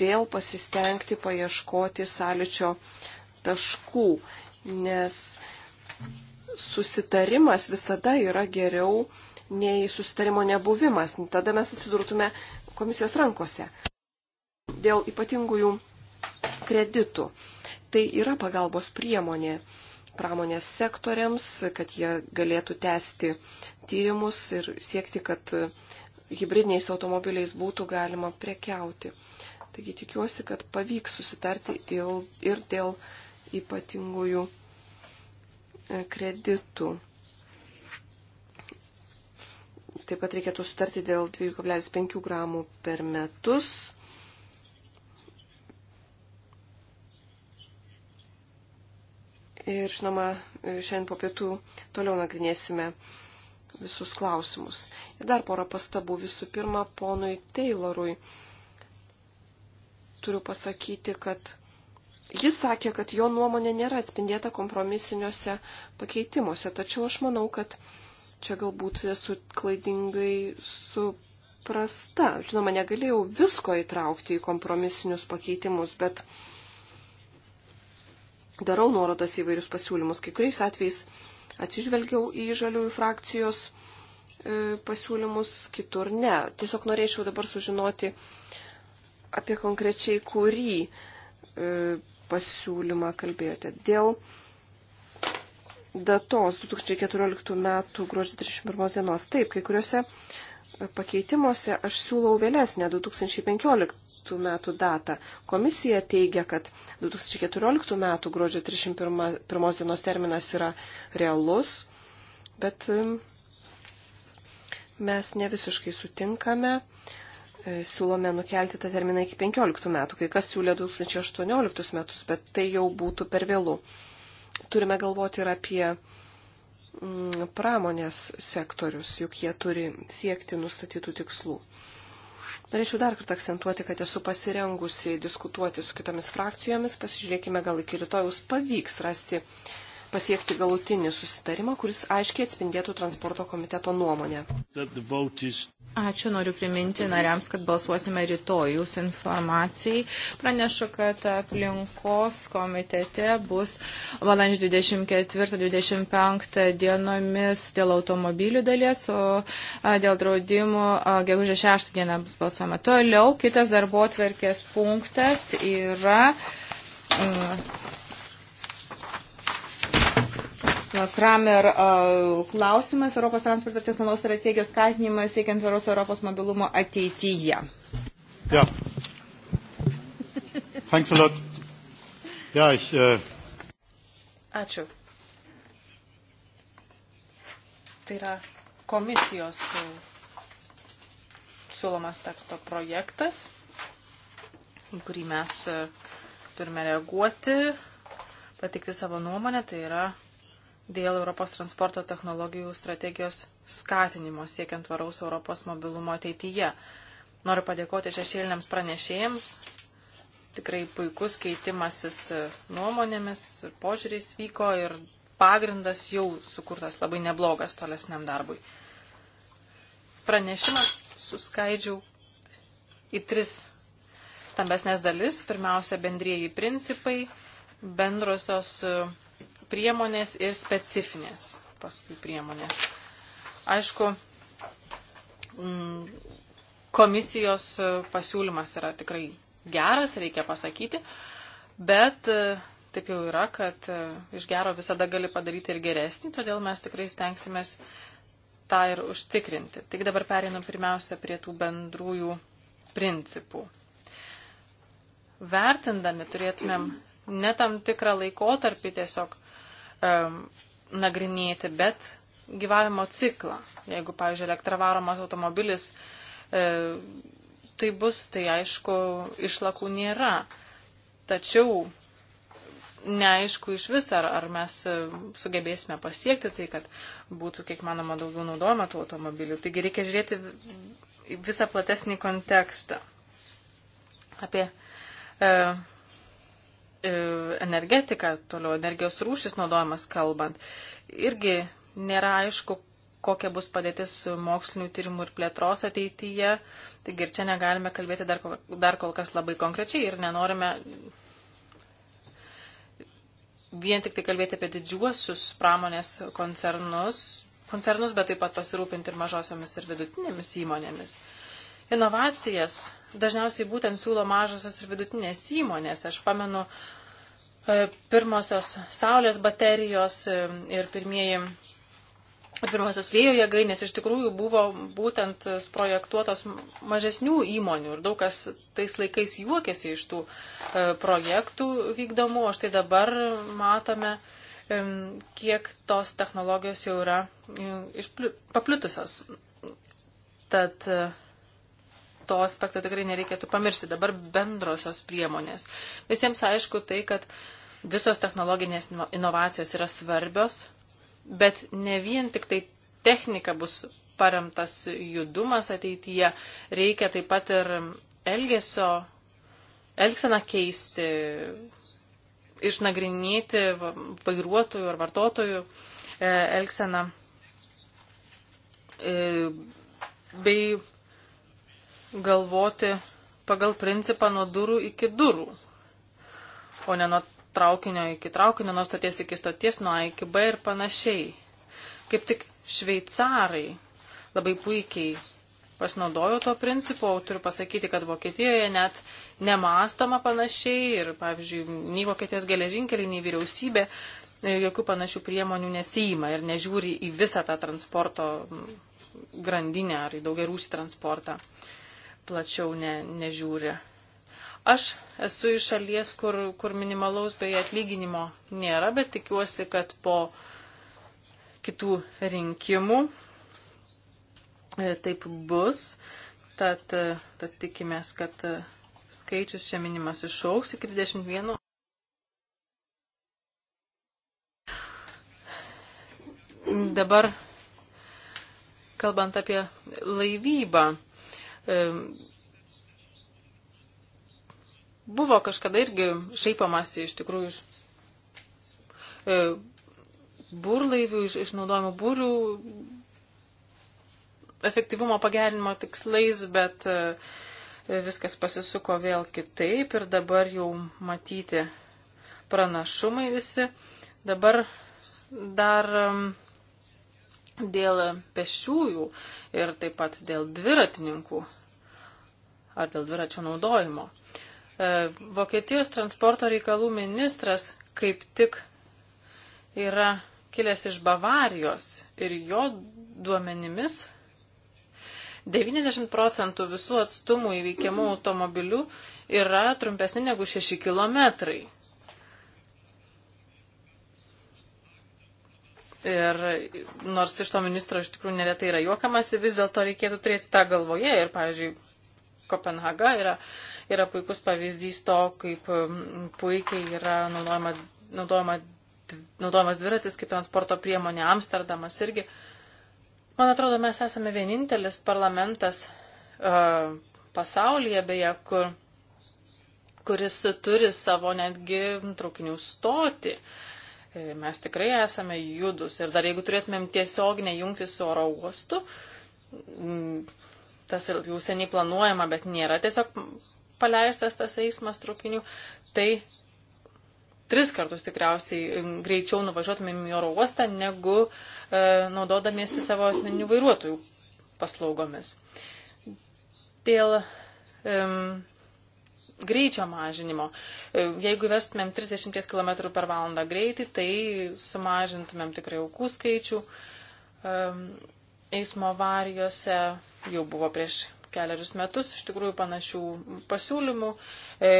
vėl pasistengti paieškoti sąlyčio taškų, nes susitarimas visada yra geriau nei susitarimo nebuvimas. Tada mes atsidurtume komisijos rankose. Dėl ypatingųjų kreditų. Tai yra pagalbos priemonė pramonės sektoriams, kad jie galėtų tęsti tyrimus ir siekti, kad hybridiniais automobiliais būtų galima prekiauti. Taigi tikiuosi, kad pavyks susitarti ir dėl ypatingųjų e, kreditų. Taip pat reikėtų sutarti dėl 2,5 gramų per metus Ir žinoma, šiandien po pietų toliau nagrinėsime visus klausimus. Ir dar porą pastabų visų pirma ponui Taylorui. Turiu pasakyti, kad jis sakė, kad jo nuomonė nėra atspindėta kompromisiniuose pakeitimuose, tačiau aš manau, kad čia galbūt esu klaidingai suprasta. Žinoma, negalėjau visko įtraukti į kompromisinius pakeitimus, bet darau nuorodas įvairius pasiūlymus. Kai kuriais atvejais atsižvelgiau į žaliųjų frakcijos e, pasiūlymus, kitur ne. Tiesiog norėčiau dabar sužinoti apie konkrečiai kurį e, pasiūlymą kalbėjote. Dėl datos 2014 m. gruodžio 31 dienos. Taip, kai kuriuose pakeitimuose aš siūlau vėlesnę 2015 metų datą. Komisija teigia, kad 2014 metų gruodžio 31 dienos terminas yra realus, bet mes ne visiškai sutinkame. E, siūlome nukelti tą terminą iki 15 metų, kai kas siūlė 2018 metus, bet tai jau būtų per vėlų. Turime galvoti ir apie Mm, pramonės sektorius, juk jie turi siekti nustatytų tikslų. Norėčiau dar kartą akcentuoti, kad esu pasirengusi diskutuoti su kitomis frakcijomis, pasižiūrėkime, gal iki rytojus pavyks rasti uh, pasiekti galutinį susitarimą, kuris aiškiai atspindėtų transporto komiteto nuomonę. Is... Ačiū, noriu priminti nariams, kad balsuosime rytoj. Jūsų informacijai pranešu, kad aplinkos komitete bus valandžio 24-25 dienomis dėl automobilių dalies, o dėl draudimų gegužė 6 dieną bus balsuojama. Toliau kitas darbo atverkės punktas yra. Mm, Kramer klausimas Europos transporto technologijos strategijos kasnimas siekiant tvaros Europos mobilumo ateityje. Ja. Thanks a lot. Ja, ich, uh... Ačiū. Tai yra komisijos siūlomas teksto projektas, į kurį mes e, turime reaguoti, patikti savo nuomonę, tai yra dėl Europos transporto technologijų strategijos skatinimo siekiant varaus Europos mobilumo ateityje. Noriu padėkoti šešėliniams pranešėjams. Tikrai puikus keitimasis nuomonėmis ir požiūriais vyko ir pagrindas jau sukurtas labai neblogas tolesniam darbui. Pranešimą suskaidžiau į tris stambesnės dalis. Pirmiausia, bendrieji principai, bendrosios priemonės ir specifinės paskui priemonės. Aišku, mm, komisijos e, pasiūlymas yra tikrai geras, reikia pasakyti, bet e, taip jau yra, kad e, iš gero visada gali padaryti ir geresnį, todėl mes tikrai stengsimės tą ir užtikrinti. Tik dabar pereinam pirmiausia prie tų bendrųjų principų. Vertindami turėtumėm ne tam tikrą laikotarpį tiesiog uh, um, nagrinėti, bet gyvavimo ciklą. Jeigu, pavyzdžiui, elektravaromas automobilis, e, tai bus, tai aišku, išlakų nėra. Tačiau neaišku iš vis, ar, ar mes e, sugebėsime pasiekti tai, kad būtų kiek manoma daugiau naudojama tų automobilių. Taigi reikia žiūrėti visą platesnį kontekstą. Apie e, E, energetika, toliau energijos rūšis naudojamas kalbant, irgi nėra aišku, kokia bus padėtis mokslinių tyrimų ir plėtros ateityje. Taigi ir čia negalime kalbėti dar, dar kol kas labai konkrečiai ir nenorime vien tik tai kalbėti apie didžiuosius pramonės koncernus, koncernus bet taip pat pasirūpinti ir mažosiomis ir vidutinėmis įmonėmis inovacijas dažniausiai būtent siūlo mažosios ir vidutinės įmonės. Aš pamenu e, pirmosios saulės baterijos e, ir pirmieji. Pirmosios vėjo jėgainės iš tikrųjų buvo būtent projektuotos mažesnių įmonių ir daug kas tais laikais juokėsi iš tų e, projektų vykdomų, o štai dabar matome, kiek tos technologijos jau yra išpli, paplitusios. Tad to aspekto tikrai nereikėtų pamiršti. Dabar bendrosios priemonės. Visiems aišku tai, kad visos technologinės inovacijos yra svarbios, bet ne vien tik tai technika bus paremtas judumas ateityje, reikia taip pat ir elgesio, elgseną keisti, išnagrinėti vairuotojų ar vartotojų e, elgseną e, bei galvoti pagal principą nuo durų iki durų, o ne nuo traukinio iki traukinio, nuo stoties iki stoties, nuo A iki B ir panašiai. Kaip tik šveicarai labai puikiai pasinaudojo to principu, o turiu pasakyti, kad Vokietijoje net nemastoma panašiai ir, pavyzdžiui, nei Vokietijos geležinkeliai, nei vyriausybė e, jokių panašių priemonių nesijima ir nežiūri į visą tą transporto grandinę ar į daugiarūšį transportą. Uh, plačiau ne, nežiūri. Aš esu iš šalies, kur, kur minimalaus bei atlyginimo nėra, bet tikiuosi, kad po kitų rinkimų e, taip bus. Tad, e, tad tikimės, kad e, skaičius čia minimas išauks iki 21. Dabar, kalbant apie laivybą, Buvo kažkada irgi šaipamasi iš tikrųjų iš e, burlaivių, iš, išnaudojimo būrių efektyvumo pagerinimo tikslais, bet e, viskas pasisuko vėl kitaip ir dabar jau matyti pranašumai visi. Dabar dar dėl pešiųjų ir taip pat dėl dviratininkų ar dėl dviračio naudojimo. E, Vokietijos transporto reikalų ministras kaip tik yra kilęs iš Bavarijos ir jo duomenimis 90 procentų visų atstumų įveikiamų automobilių yra trumpesni negu 6 kilometrai. Ir nors iš to ministro iš tikrųjų neretai yra juokamasi, vis dėlto reikėtų turėti tą galvoje ir, pavyzdžiui, Kopenhaga yra, yra puikus pavyzdys to, kaip um, puikiai yra naudojama, naudojama, naudojamas dviratis kaip transporto priemonė Amsterdamas irgi. Man atrodo, mes esame vienintelis parlamentas uh, pasaulyje, beje, kur, kuris turi savo netgi traukinių stoti. E, mes tikrai esame judus ir dar jeigu turėtumėm tiesioginę jungti su oro uostu, tas jau seniai planuojama, bet nėra tiesiog paleistas tas eismas traukinių, tai tris kartus tikriausiai e, greičiau nuvažiuotumėm į oro uostą, negu e, naudodamiesi savo asmeninių vairuotojų paslaugomis. Dėl e, greičio mažinimo. E, jeigu vestumėm 30 km per valandą greitį, tai sumažintumėm tikrai aukų skaičių. E, eismo avarijose, jau buvo prieš keliarius metus iš tikrųjų panašių pasiūlymų. E,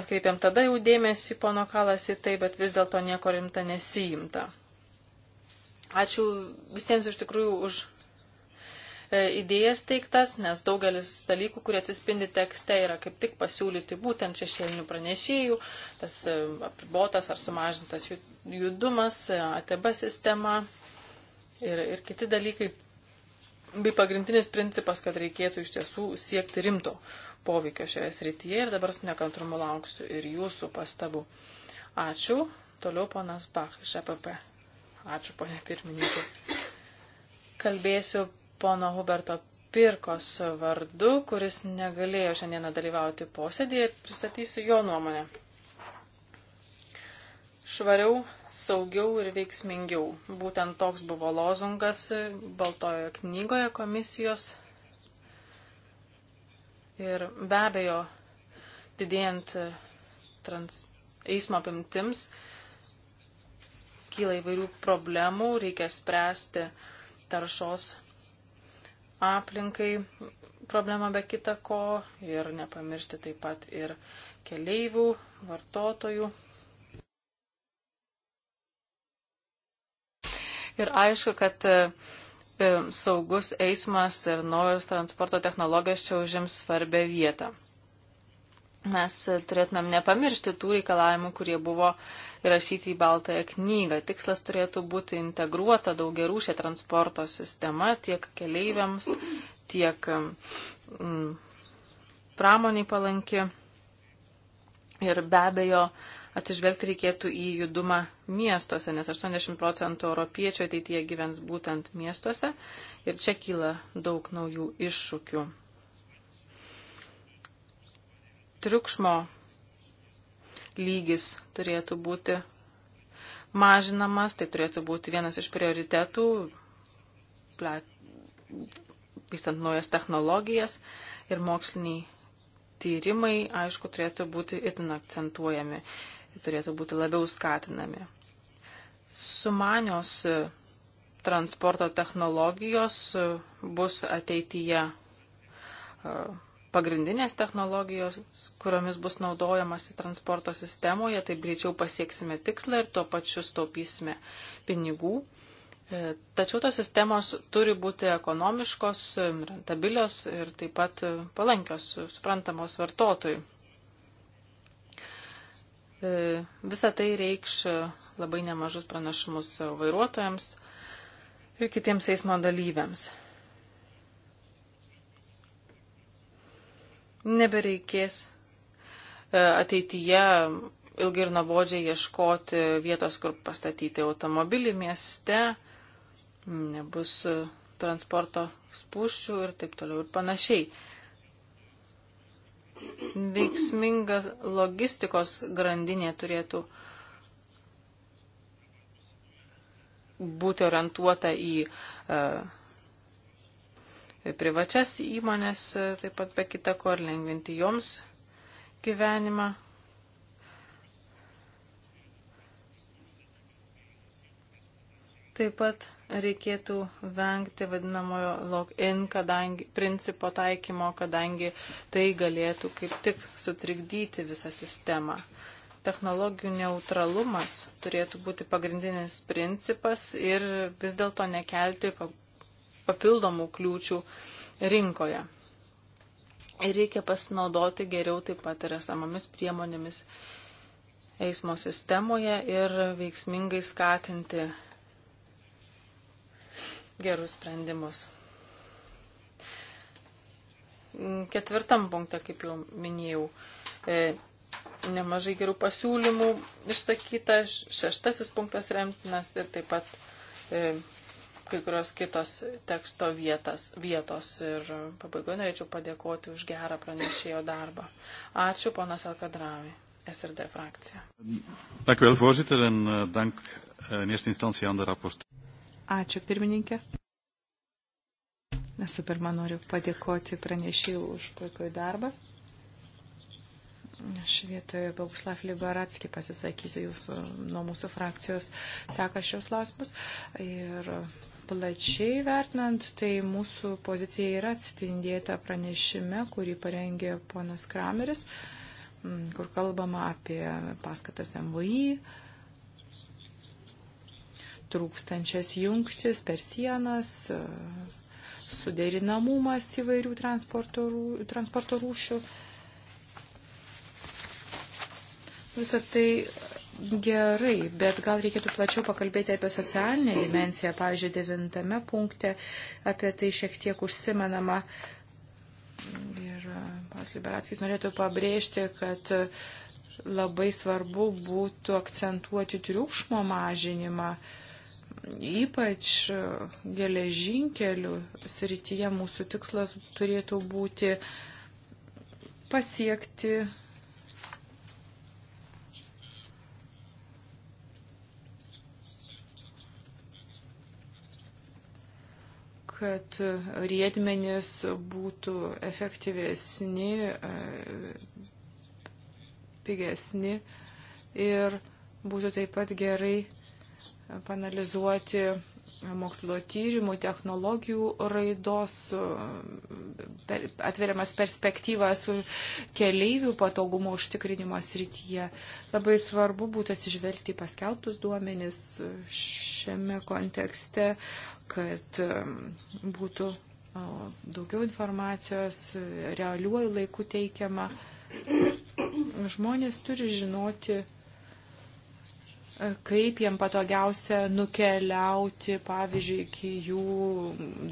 atkreipiam tada jau dėmesį, pono Kalas, į tai, bet vis dėlto nieko rimta nesijimta. Ačiū visiems iš tikrųjų už e, idėjas teiktas, nes daugelis dalykų, kurie atsispindi tekste, yra kaip tik pasiūlyti būtent šešėlinių pranešėjų, tas e, apribotas ar sumažintas judumas, e, ATB sistema ir, ir kiti dalykai. Bei pagrindinis principas, kad reikėtų iš tiesų siekti rimto poveikio šioje srityje ir dabar su nekantrumu lauksiu ir jūsų pastabų. Ačiū. Toliau ponas Bach iš APP. E Ačiū, ponė pirmininkė. Kalbėsiu pono Huberto Pirkos vardu, kuris negalėjo šiandieną dalyvauti posėdėje ir pristatysiu jo nuomonę švariau, saugiau ir veiksmingiau. Būtent toks buvo lozungas Baltojoje knygoje komisijos. Ir be abejo, didėjant e, trans, eismo apimtims, kyla įvairių problemų, reikia spręsti taršos aplinkai problemą be kita ko ir nepamiršti taip pat ir keleivių, vartotojų Ir aišku, kad e, e, saugus eismas ir naujos transporto technologijos čia užims svarbę vietą. Mes e, turėtumėm nepamiršti tų reikalavimų, kurie buvo įrašyti į Baltąją knygą. Tikslas turėtų būti integruota daugiarūšė transporto sistema tiek keleiviams, tiek mm, pramoniai palanki. Ir be abejo, atsižvelgti reikėtų į judumą miestuose, nes 80 procentų europiečių ateityje gyvens būtent miestuose ir čia kyla daug naujų iššūkių. Triukšmo lygis turėtų būti mažinamas, tai turėtų būti vienas iš prioritetų, vystant naujas technologijas ir moksliniai tyrimai, aišku, turėtų būti itin akcentuojami turėtų būti labiau skatinami. Sumanios e, transporto technologijos e, bus ateityje e, pagrindinės technologijos, kuriomis bus naudojamasi transporto sistemoje, taip greičiau pasieksime tikslą ir tuo pačiu staupysime pinigų. Tačiau tos sistemos turi būti ekonomiškos, rentabilios ir taip pat palankios, suprantamos vartotojui. E, visa tai reikš labai nemažus pranašumus vairuotojams ir kitiems eismo dalyviams. Nebereikės e, ateityje ilgai ir nabodžiai ieškoti vietos, kur pastatyti automobilį mieste, nebus transporto spūščių ir taip toliau ir panašiai veiksminga logistikos grandinė turėtų būti orientuota į e, privačias įmonės, e, taip pat be kita ko, ir lengvinti joms gyvenimą. Taip pat reikėtų vengti vadinamojo login kadangi, principo taikymo, kadangi tai galėtų kaip tik sutrikdyti visą sistemą. Technologijų neutralumas turėtų būti pagrindinis principas ir vis dėlto nekelti papildomų kliūčių rinkoje. Ir reikia pasinaudoti geriau taip pat ir esamomis priemonėmis eismo sistemoje ir veiksmingai skatinti gerus sprendimus. Ketvirtam punktą, kaip jau minėjau, e, nemažai gerų pasiūlymų išsakyta, šeštasis punktas remtinas ir taip pat e, kai kurios kitos teksto vietas, vietos. Ir pabaigoje norėčiau padėkoti už gerą pranešėjo darbą. Ačiū, ponas Alkadravi, SRD frakcija. Dank u wel, voorzitter, en uh, dank uh, in eerste instantie aan de rapporteur. Ačiū pirmininkė. Visų pirma, noriu padėkoti pranešėjų už puikų darbą. Aš vietoje Bauslav Liberatski pasisakysiu jūsų, nuo mūsų frakcijos seka šios lausimus. Ir plačiai vertinant, tai mūsų pozicija yra atspindėta pranešime, kurį parengė ponas Krameris, kur kalbama apie paskatas MVI trūkstančias jungtis per sienas, suderinamumas įvairių transporto, transporto rūšių. Visą tai gerai, bet gal reikėtų plačiau pakalbėti apie socialinę dimenciją. Pavyzdžiui, devintame punkte apie tai šiek tiek užsimenama. Ir e, pas Liberatskis norėtų pabrėžti, kad labai svarbu būtų akcentuoti triukšmo mažinimą. Uh, Ypač e, geležinkelių srityje mūsų tikslas turėtų būti pasiekti kad riedmenys būtų efektyvesni, e, pigesni ir būtų taip pat gerai panalizuoti mokslo tyrimų, technologijų raidos, per, atveriamas perspektyvas keleivių patogumo užtikrinimo srityje. Labai svarbu būtų atsižvelgti į paskelbtus duomenis šiame kontekste, kad um, būtų daugiau informacijos realiuoju laiku teikiama. Žmonės turi žinoti kaip jiem patogiausia nukeliauti, pavyzdžiui, iki jų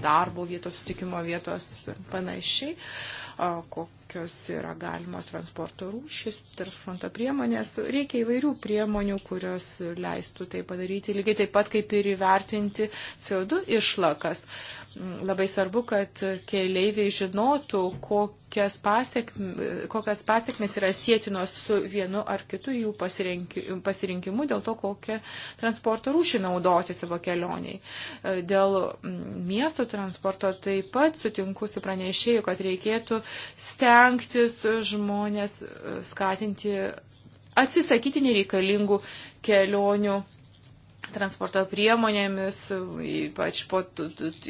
darbo vietos, sutikimo vietos panašiai, kokios yra galimos transporto rūšis, transporto priemonės. Reikia įvairių priemonių, kurios leistų tai padaryti, lygiai taip pat kaip ir įvertinti CO2 išlakas. Uh, labai svarbu, kad keleiviai žinotų, kokias, pasiekmi, kokias pasiekmes yra sėtinos su vienu ar kitu jų pasirinkimu, dėl to, kokią transporto rūšį naudoti savo kelioniai. Dėl miesto transporto taip pat sutinku su pranešėju, kad reikėtų stengtis žmonės skatinti atsisakyti nereikalingų kelionių transporto priemonėmis, ypač po,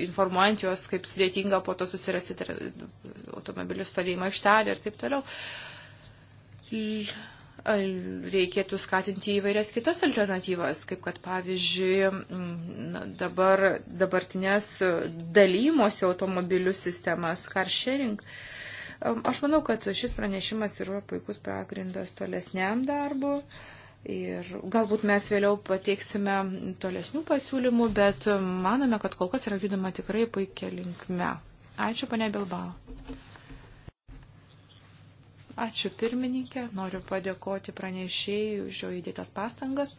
informuojant juos, kaip sudėtinga po to susirasti automobilių stovėjimo aikštelį ir taip toliau. Reikėtų skatinti įvairias kitas alternatyvas, kaip kad pavyzdžiui dabar, dabartinės dalymosi automobilių sistemas, car sharing. Aš manau, kad šis pranešimas yra puikus pagrindas tolesniam darbui Ir galbūt mes vėliau pateiksime tolesnių pasiūlymų, bet manome, kad kol kas yra judama tikrai puikia linkme. Ačiū, pane Bilbao. Ačiū pirmininkė, noriu padėkoti pranešėjai už jo įdėtas pastangas.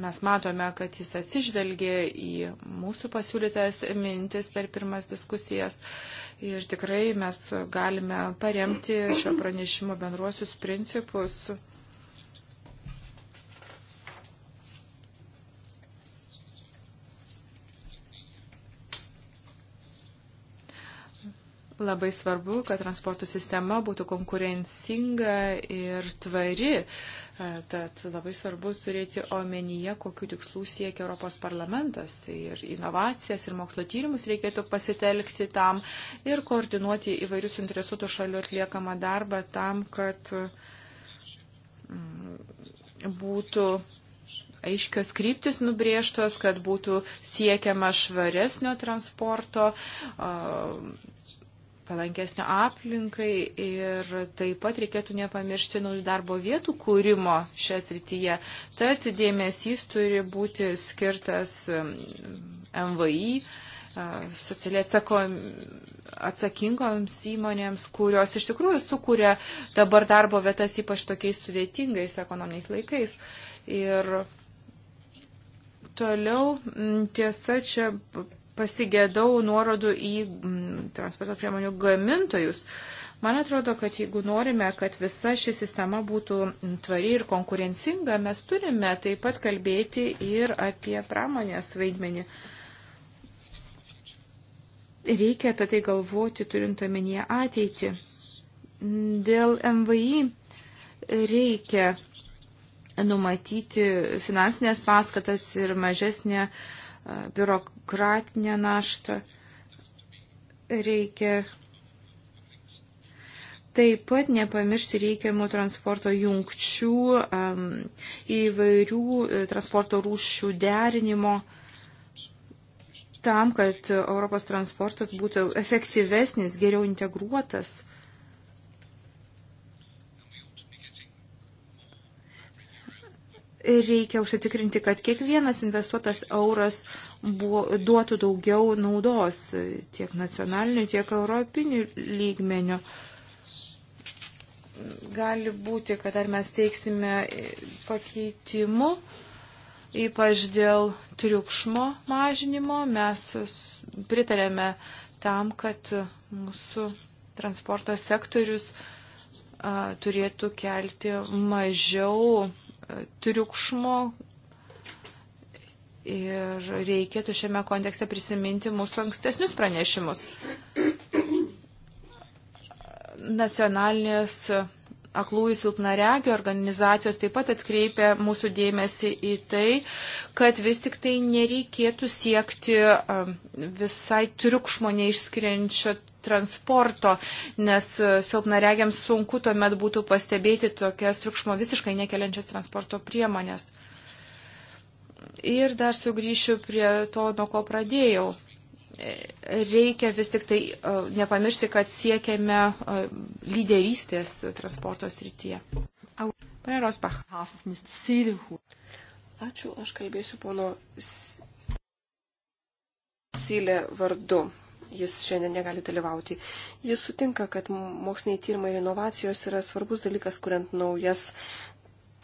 Mes matome, kad jis atsižvelgė į mūsų pasiūlytas mintis per pirmas diskusijas ir tikrai mes galime paremti šio pranešimo bendruosius principus. Labai svarbu, kad transporto sistema būtų konkurencinga ir tvari. E, tad labai svarbu turėti omenyje, kokiu tikslu siekia Europos parlamentas. Tai ir inovacijas, ir mokslo tyrimus reikėtų pasitelkti tam ir koordinuoti įvairius interesuotų šalių atliekamą darbą tam, kad mm, būtų aiškios kryptis nubrėžtos, kad būtų siekiama švaresnio transporto palankesnio aplinkai ir taip pat reikėtų nepamiršti naujų darbo vietų kūrimo šią srityje. Tad dėmesys turi būti skirtas MVI um, uh, socialiai atsakom, atsakingoms įmonėms, kurios iš tikrųjų sukuria dabar darbo vietas ypač tokiais sudėtingais ekonominiais laikais. Ir toliau tiesa čia pasigėdau nuorodų į transporto priemonių gamintojus. Man atrodo, kad jeigu norime, kad visa ši sistema būtų tvari ir konkurencinga, mes turime taip pat kalbėti ir apie pramonės vaidmenį. Reikia apie tai galvoti, turint omenyje ateitį. Dėl MVI reikia numatyti finansinės paskatas ir mažesnę uh, biurokratinę naštą. Reikia Taip pat nepamiršti reikiamų transporto jungčių, įvairių e, transporto rūšių derinimo tam, kad Europos transportas būtų efektyvesnis, geriau integruotas. reikia užsitikrinti, kad kiekvienas investuotas euras buvo, duotų daugiau naudos tiek nacionaliniu, tiek europiniu lygmeniu. Gali būti, kad ar mes teiksime pakeitimu, ypač dėl triukšmo mažinimo, mes pritarėme tam, kad mūsų transporto sektorius turėtų kelti mažiau triukšmo. Ir reikėtų šiame kontekste prisiminti mūsų ankstesnius pranešimus. Nacionalinės aklųjų silpnaregio organizacijos taip pat atkreipia mūsų dėmesį į tai, kad vis tik tai nereikėtų siekti um, visai triukšmo neišskrenčio transporto, nes uh, silpnaregiams sunku tuomet būtų pastebėti tokias triukšmo visiškai nekeliančias transporto priemonės. Ir dar sugrįšiu prie to, nuo ko pradėjau reikia vis tik tai e, nepamiršti, kad siekiame e, lyderystės transporto srityje. Pane Rosbach. Ačiū, aš kalbėsiu pono Sylė vardu. Jis šiandien negali dalyvauti. Jis sutinka, kad moksliniai tyrimai ir inovacijos yra svarbus dalykas, kuriant naujas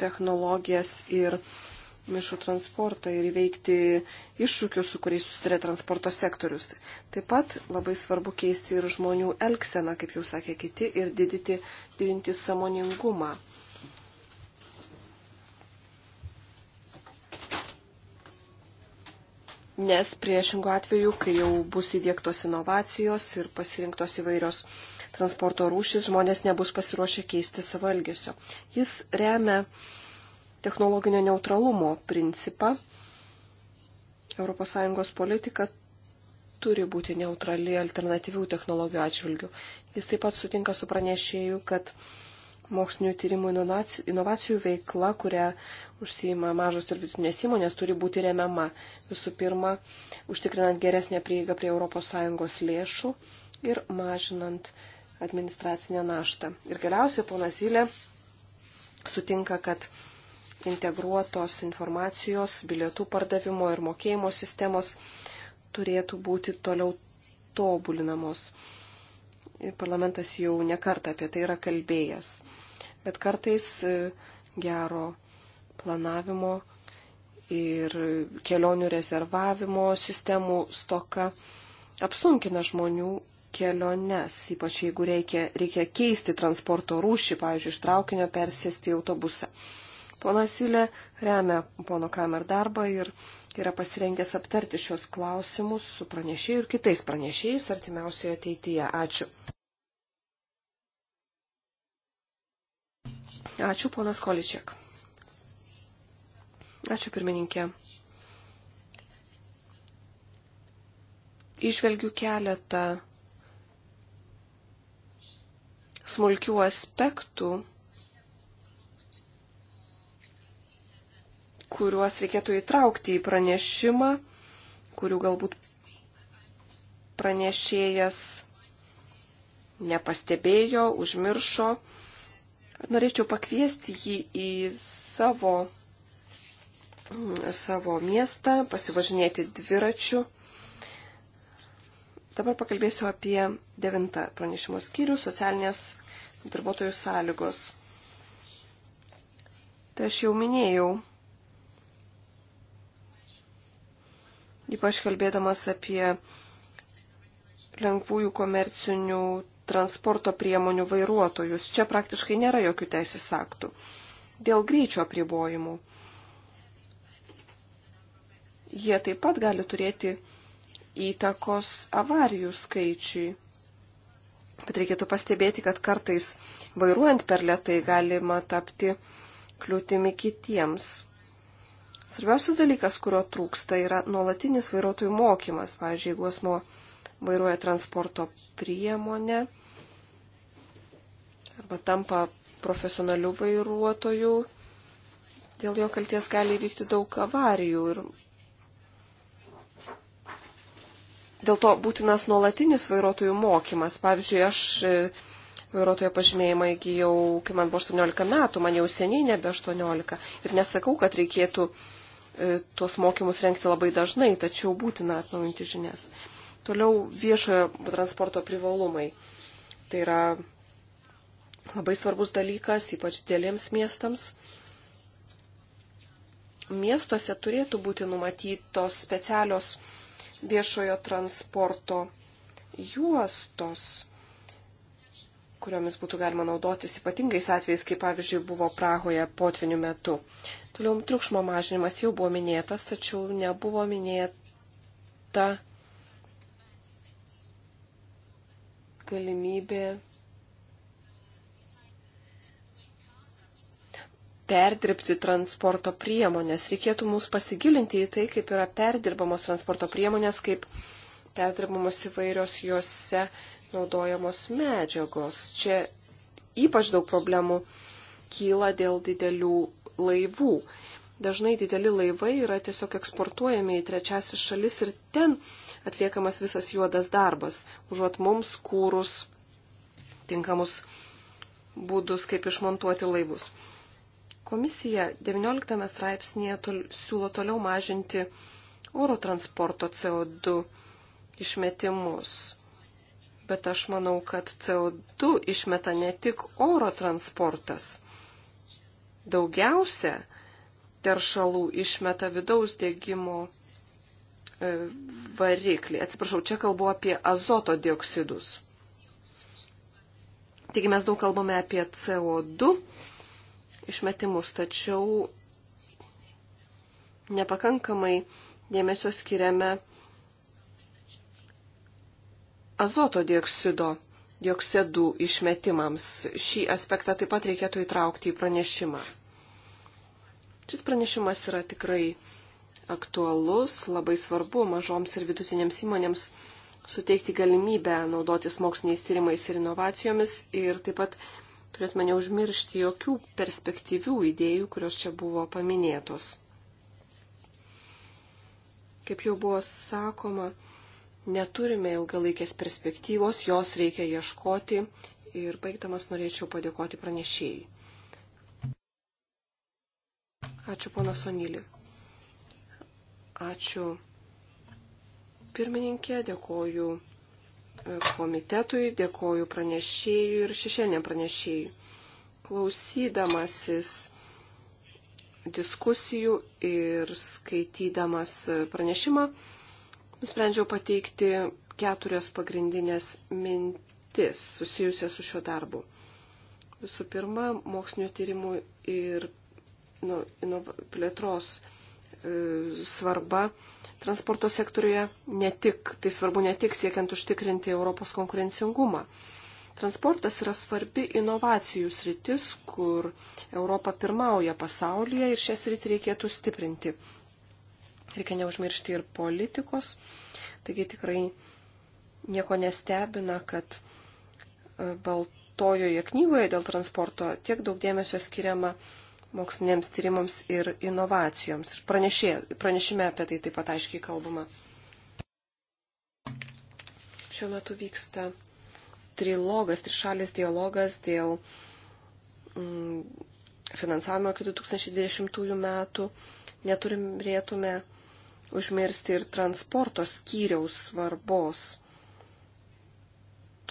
technologijas ir uh, mišų transportą ir įveikti iššūkius, su kuriais susiduria transporto sektorius. Taip pat labai svarbu keisti ir žmonių elgseną, kaip jau sakė kiti, ir didinti, didinti samoningumą. Nes priešingų atveju, kai jau bus įdėktos inovacijos ir pasirinktos įvairios transporto rūšis, žmonės nebus pasiruošę keisti savo elgesio. Jis remia technologinio neutralumo principą. ES politika turi būti neutrali alternatyvių technologijų atžvilgių. Jis taip pat sutinka su pranešėju, kad mokslinių tyrimų inovacijų veikla, kurią užsijima mažos ir vidutinės įmonės, turi būti remiama visų pirma, užtikrinant geresnę prieigą prie ES lėšų ir mažinant administracinę naštą. Ir galiausiai ponas Ilė sutinka, kad kad integruotos informacijos, bilietų pardavimo ir mokėjimo sistemos turėtų būti toliau tobulinamos. Parlamentas jau nekarta apie tai yra kalbėjęs. Bet kartais e, gero planavimo ir kelionių rezervavimo sistemų stoka apsunkina žmonių keliones, ypač jeigu reikia, reikia keisti transporto rūšį, pavyzdžiui, iš traukinio persėsti į autobusą. Ponas Silė remia pono Kramer darbą ir yra pasirengęs aptarti šios klausimus su pranešėju ir kitais pranešėjais artimiausioje ateityje. Ačiū. Ačiū, ponas Količiak. Ačiū, pirmininkė. Išvelgiu keletą smulkių aspektų kuriuos reikėtų įtraukti į pranešimą, kurių galbūt pranešėjas nepastebėjo, užmiršo. Norėčiau pakviesti jį į savo, savo miestą, pasivažinėti dviračiu. Dabar pakalbėsiu apie devintą pranešimo skyrių - socialinės darbuotojų sąlygos. Tai aš jau minėjau ypač kalbėdamas apie lengvųjų komercinių transporto priemonių vairuotojus. Čia praktiškai nėra jokių teisės aktų. Dėl greičio apribojimų. Jie taip pat gali turėti įtakos avarijų skaičiui. Bet reikėtų pastebėti, kad kartais vairuojant per lietai galima tapti kliūtimi kitiems. Svarbiausias dalykas, kurio trūksta, yra nuolatinis vairuotojų mokymas. Pavyzdžiui, jeigu asmo vairuoja transporto priemonę arba tampa profesionalių vairuotojų, dėl jo kalties gali įvykti daug avarijų ir Dėl to būtinas nuolatinis vairuotojų mokymas. Pavyzdžiui, aš e, vairuotojo pažymėjimą įgyjau, kai man buvo 18 metų, man jau seniai nebe 18. Ir nesakau, kad reikėtų E, tuos mokymus renkti labai dažnai, tačiau būtina atnaujinti žinias. Toliau viešojo transporto privalumai. Tai yra labai svarbus dalykas, ypač dėlėms miestams. Miestuose turėtų būti numatytos specialios viešojo transporto juostos kuriomis būtų galima naudotis ypatingais atvejais, kaip pavyzdžiui buvo Prahoje potvinių metu. Toliau triukšmo mažinimas jau buvo minėtas, tačiau nebuvo minėta galimybė perdirbti transporto priemonės. Reikėtų mums pasigilinti į tai, kaip yra perdirbamos transporto priemonės, kaip perdirbamos įvairios juose naudojamos medžiagos. Čia ypač daug problemų kyla dėl didelių laivų. Dažnai dideli laivai yra tiesiog eksportuojami į trečiasis šalis ir ten atliekamas visas juodas darbas, užuot mums kūrus tinkamus būdus, kaip išmontuoti laivus. Komisija 19 straipsnėje tol, siūlo toliau mažinti oro transporto CO2 išmetimus bet aš manau, kad CO2 išmeta ne tik oro transportas. Daugiausia teršalų išmeta vidaus dėgymo e, variklį. Atsiprašau, čia kalbu apie azoto dioksidus. Taigi mes daug kalbame apie CO2 išmetimus, tačiau nepakankamai dėmesio skiriame azoto dioksido, dioksidų išmetimams. Šį aspektą taip pat reikėtų įtraukti į pranešimą. Šis pranešimas yra tikrai aktualus, labai svarbu mažoms ir vidutinėms įmonėms suteikti galimybę naudotis moksliniais tyrimais ir inovacijomis ir taip pat turėtume neužmiršti jokių perspektyvių idėjų, kurios čia buvo paminėtos. Kaip jau buvo sakoma, neturime ilgalaikės perspektyvos, jos reikia ieškoti ir baigdamas norėčiau padėkoti pranešėjai. Ačiū, ponas Onylį. Ačiū pirmininkė, dėkoju e, komitetui, dėkoju pranešėjui ir šešėlėm pranešėjui. Klausydamasis diskusijų ir skaitydamas pranešimą, nusprendžiau pateikti keturias pagrindinės mintis susijusias su šiuo darbu. Visų pirma, mokslinio tyrimų ir nu, nu, plėtros e, svarba transporto sektoriuje ne tik, tai svarbu ne tik siekiant užtikrinti Europos konkurencingumą. Transportas yra svarbi inovacijų sritis, kur Europa pirmauja pasaulyje ir šią sritį reikėtų stiprinti. Reikia neužmiršti ir politikos. Taigi tikrai nieko nestebina, kad e, baltojoje knygoje dėl transporto tiek daug dėmesio skiriama moksliniams tyrimams ir inovacijoms. Ir pranešė, pranešime apie tai taip pat aiškiai kalbama. Šiuo metu vyksta trilogas, trišalės dialogas dėl mm, finansavimo iki 2020 metų. Neturim rėtume užmirsti ir transporto skyriaus svarbos.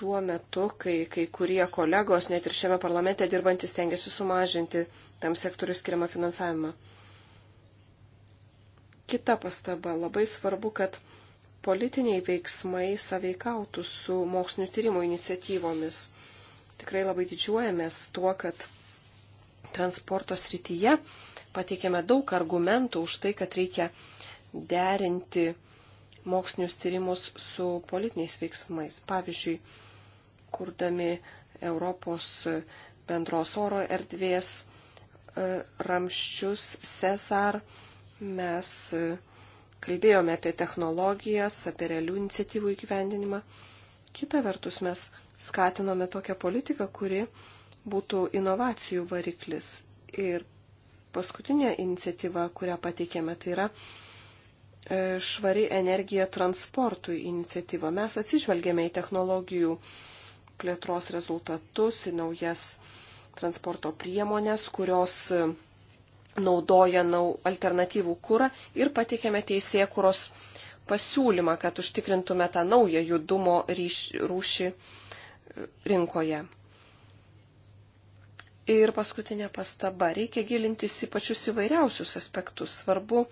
Tuo metu, kai kai kurie kolegos, net ir šiame parlamente dirbantis, tengiasi sumažinti tam sektoriu skiriamą finansavimą. Kita pastaba. Labai svarbu, kad politiniai veiksmai saveikautų su mokslinio tyrimo iniciatyvomis. Tikrai labai didžiuojamės tuo, kad transporto srityje pateikėme daug argumentų už tai, kad reikia derinti mokslinius tyrimus su politiniais veiksmais. Pavyzdžiui, kurdami Europos bendros oro erdvės e, ramščius Cezar, mes e, kalbėjome apie technologijas, apie realių iniciatyvų įgyvendinimą. Kita vertus, mes skatinome tokią politiką, kuri būtų inovacijų variklis. Ir paskutinė iniciatyva, kurią pateikėme, tai yra E, švari energija transportui iniciatyva. Mes atsižvelgėme į technologijų plėtros rezultatus, į naujas transporto priemonės, kurios e, naudoja nau alternatyvų kūrą ir pateikėme teisėkuros pasiūlymą, kad užtikrintume tą naują judumo ryš, rūšį e, rinkoje. Ir paskutinė pastaba. Reikia gilintis į pačius įvairiausius aspektus. Svarbu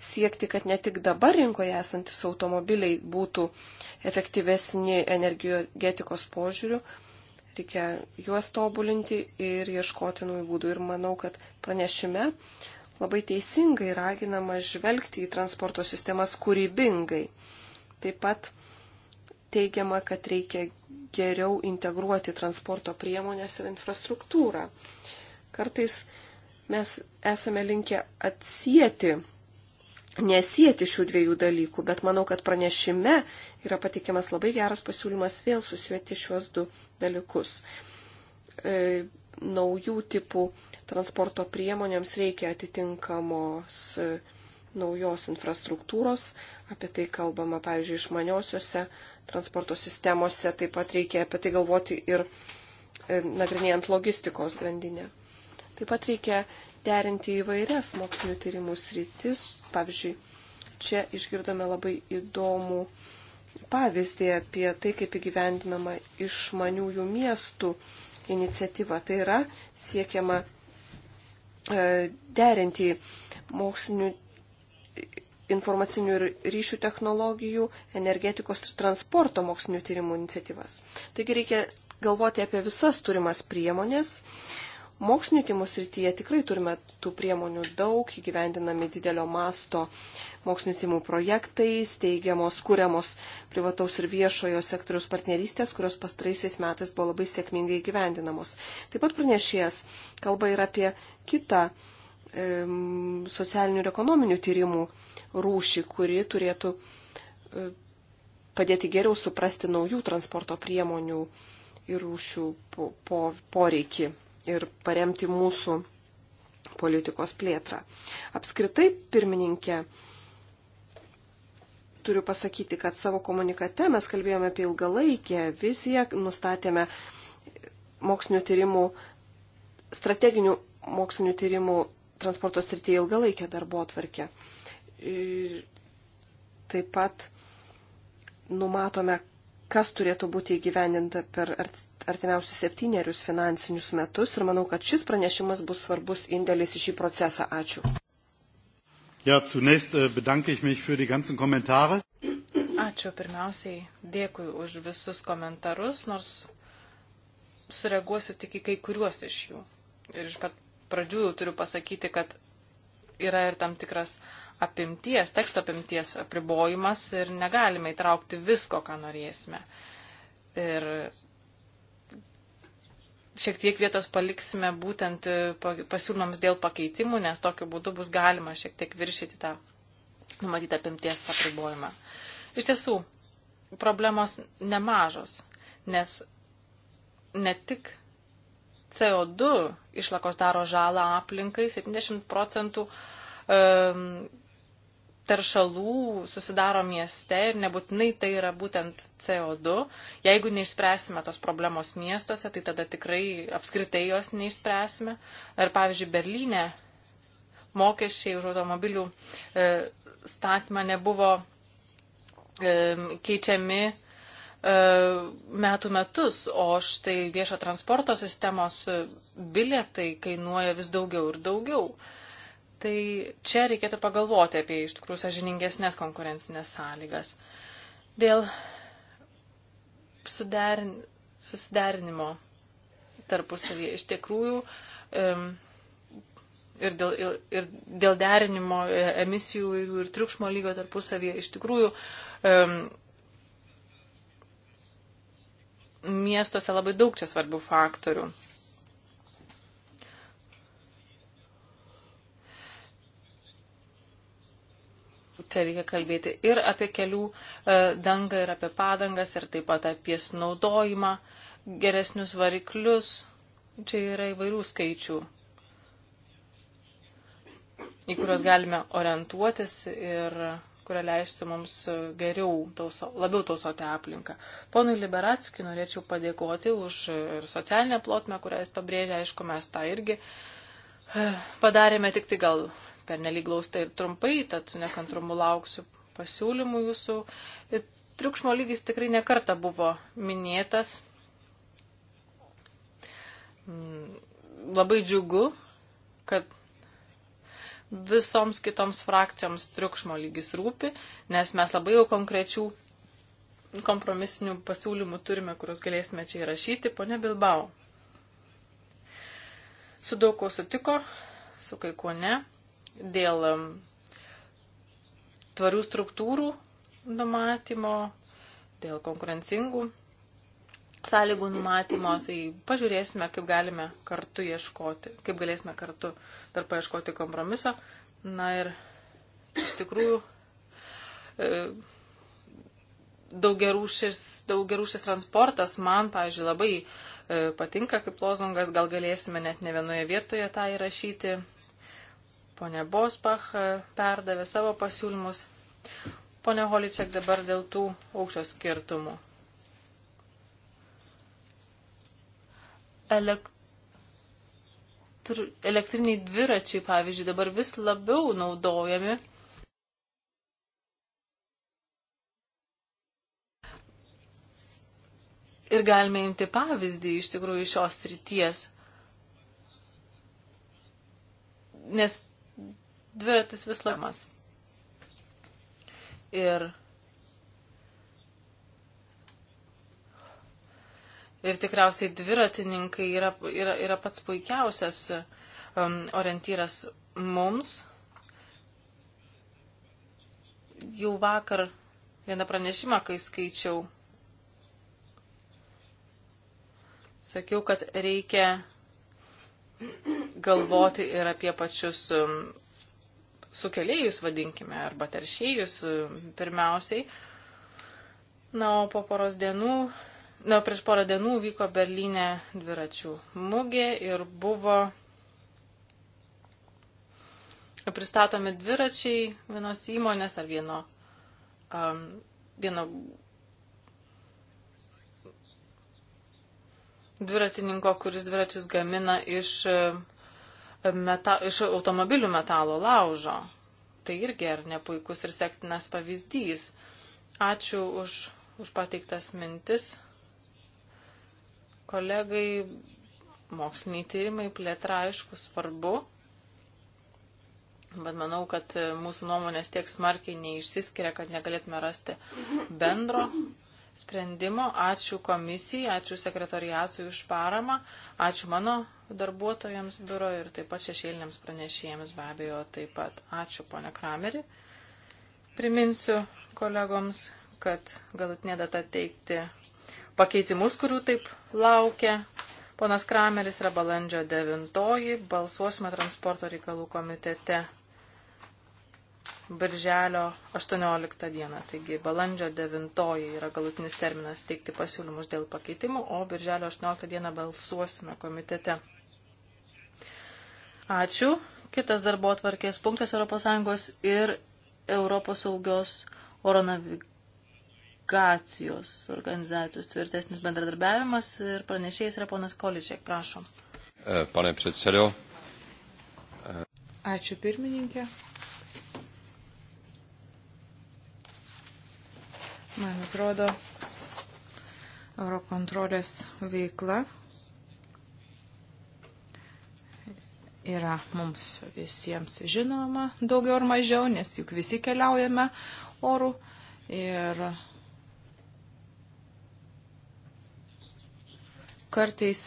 siekti, kad ne tik dabar rinkoje esantis automobiliai būtų efektyvesni energetikos požiūriu, reikia juos tobulinti ir ieškoti naujų būdų. Ir manau, kad pranešime labai teisingai raginama žvelgti į transporto sistemas kūrybingai. Taip pat teigiama, kad reikia geriau integruoti transporto priemonės ir infrastruktūrą. Kartais mes esame linkę atsijėti nesijėti šių dviejų dalykų, bet manau, kad pranešime yra patikimas labai geras pasiūlymas vėl susijęti šiuos du dalykus. E, naujų tipų transporto priemonėms reikia atitinkamos e, naujos infrastruktūros, apie tai kalbama, pavyzdžiui, išmaniosiose transporto sistemose, taip pat reikia apie tai galvoti ir e, nagrinėjant logistikos grandinę. Taip pat reikia derinti įvairias mokslinių tyrimų sritis. Pavyzdžiui, čia išgirdome labai įdomų pavyzdį apie tai, kaip įgyvendinama išmaniųjų miestų iniciatyva. Tai yra siekiama e, derinti mokslinių informacinių ir ryšių technologijų, energetikos ir transporto mokslinių tyrimų iniciatyvas. Taigi reikia galvoti apie visas turimas priemonės mokslinio tyrimų srityje tikrai turime tų priemonių daug, įgyvendinami didelio masto mokslinio tyrimų projektai, steigiamos, kuriamos privataus ir viešojo sektoriaus partnerystės, kurios pastraisiais metais buvo labai sėkmingai įgyvendinamos. Taip pat pranešėjas kalba ir apie kitą e, socialinių ir ekonominių tyrimų rūšį, kuri turėtų e, padėti geriau suprasti naujų transporto priemonių ir rūšių po, po, poreikį ir paremti mūsų politikos plėtrą. Apskritai, pirmininkė, turiu pasakyti, kad savo komunikate mes kalbėjome apie ilgalaikę viziją, nustatėme mokslinių tyrimų, strateginių mokslinių tyrimų transporto srityje ilgalaikę darbo atvarkę. Ir taip pat numatome, kas turėtų būti įgyvendinta per artimiausius septynerius finansinius metus ir manau, kad šis pranešimas bus svarbus indėlis į šį procesą. Ačiū. Ja, zunächst äh, bedanke ich mich für die ganzen Kommentare. Ačiū pirmiausiai, dėkui už visus komentarus, nors sureaguosiu tik į kai kuriuos iš jų. Ir iš pat pradžių jau turiu pasakyti, kad yra ir tam tikras uh, apimties, teksto apimties apribojimas ir negalime įtraukti visko, ką norėsime. Ir šiek tiek vietos paliksime būtent e, pasiūlymams dėl pakeitimų, nes tokiu būdu bus galima šiek tiek viršyti tą numatytą apimties apribojimą. Iš tiesų, problemos nemažos, nes ne tik CO2 išlakos daro žalą aplinkai, 70 procentų um, teršalų susidaro mieste ir nebūtinai tai yra būtent CO2. Jeigu neišspręsime tos problemos miestuose, tai tada tikrai apskritai jos neišspręsime. Ir pavyzdžiui, Berlyne mokesčiai už automobilių e, statymą nebuvo e, keičiami e, metų metus, o štai viešo transporto sistemos e, bilietai kainuoja vis daugiau ir daugiau. E, Tai čia reikėtų pagalvoti apie iš tikrųjų sažiningesnės konkurencinės sąlygas. Dėl suderin, susiderinimo tarpusavyje iš tikrųjų um, ir, dėl, ir, ir dėl derinimo e, emisijų ir, ir triukšmo lygio tarpusavyje iš tikrųjų um, miestuose labai daug čia svarbių faktorių. čia reikia kalbėti ir apie kelių e, dangą, ir apie padangas, ir taip pat apie sunaudojimą, geresnius variklius. Čia yra įvairių skaičių, į kuriuos galime orientuotis ir kurie leistų mums geriau, tauso, labiau tausoti aplinką. Ponui Liberatskiui norėčiau padėkoti už ir socialinę plotmę, kurią jis pabrėžė, aišku, mes tą irgi uh, padarėme tik tai gal per neliglaustai ir trumpai, tad su nekantrumu lauksiu pasiūlymų jūsų. Triukšmo lygis tikrai nekarta buvo minėtas. Mm, labai džiugu, kad visoms kitoms frakcijoms triukšmo lygis rūpi, nes mes labai jau konkrečių kompromisinių pasiūlymų turime, kuriuos galėsime čia įrašyti. Pone Bilbao. Su daug kuo sutiko, su kai kuo ne, dėl tvarių struktūrų numatymo, dėl konkurencingų sąlygų numatymo, tai pažiūrėsime, kaip galime kartu ieškoti, kaip galėsime kartu dar paieškoti kompromiso. Na ir iš tikrųjų e, daugiarūšis, daugiarūšis transportas man, pavyzdžiui, labai E, patinka kaip lozungas, gal galėsime net ne vienoje vietoje tą įrašyti. Pone Bospach e, perdavė savo pasiūlymus. Pone Holičiak dabar dėl tų aukščio skirtumų. Elektr... Elektriniai dviračiai, pavyzdžiui, dabar vis labiau naudojami Ir galime imti pavyzdį iš tikrųjų šios ryties. Nes dviratis vis lamas. Ir, ir tikriausiai dviratininkai yra, yra, yra pats puikiausias um, orientyras mums. Jau vakar vieną pranešimą, kai skaičiau sakiau, kad reikia galvoti ir apie pačius um, sukėlėjus, vadinkime, arba teršėjus um, pirmiausiai. Na, o po poros dienų, na, prieš porą dienų vyko Berlyne dviračių mugė ir buvo pristatomi dviračiai vienos įmonės ar vieno, um, vieno dviratininko, kuris dviračius gamina iš, e, meta, iš automobilių metalo laužo. Tai irgi ar ne puikus ir sektinas pavyzdys. Ačiū už, už pateiktas mintis. Kolegai, moksliniai tyrimai plėtra aišku svarbu, bet manau, kad e, mūsų nuomonės tiek smarkiai neišsiskiria, kad negalėtume rasti bendro sprendimo. Ačiū komisijai, ačiū sekretariatui už paramą, ačiū mano darbuotojams biuro ir taip pat šešėliniams pranešėjams be abejo taip pat. Ačiū ponia Krameri. Priminsiu kolegoms, kad galutinė data teikti pakeitimus, kurių taip laukia. Ponas Krameris yra balandžio 9, balsuosime transporto reikalų komitete birželio 18 dieną. Taigi balandžio 9 yra galutinis terminas teikti pasiūlymus dėl pakeitimų, o birželio 18 dieną balsuosime komitete. Ačiū. Kitas darbo atvarkės punktas ES ir Europos saugios oro navigacijos organizacijos tvirtesnis bendradarbiavimas ir pranešėjas yra ponas Količiak. Prašom. Pane Predsedo. Ačiū pirmininkė. Man atrodo, Eurokontrolės veikla yra mums visiems žinoma daugiau ar mažiau, nes juk visi keliaujame orų. Ir kartais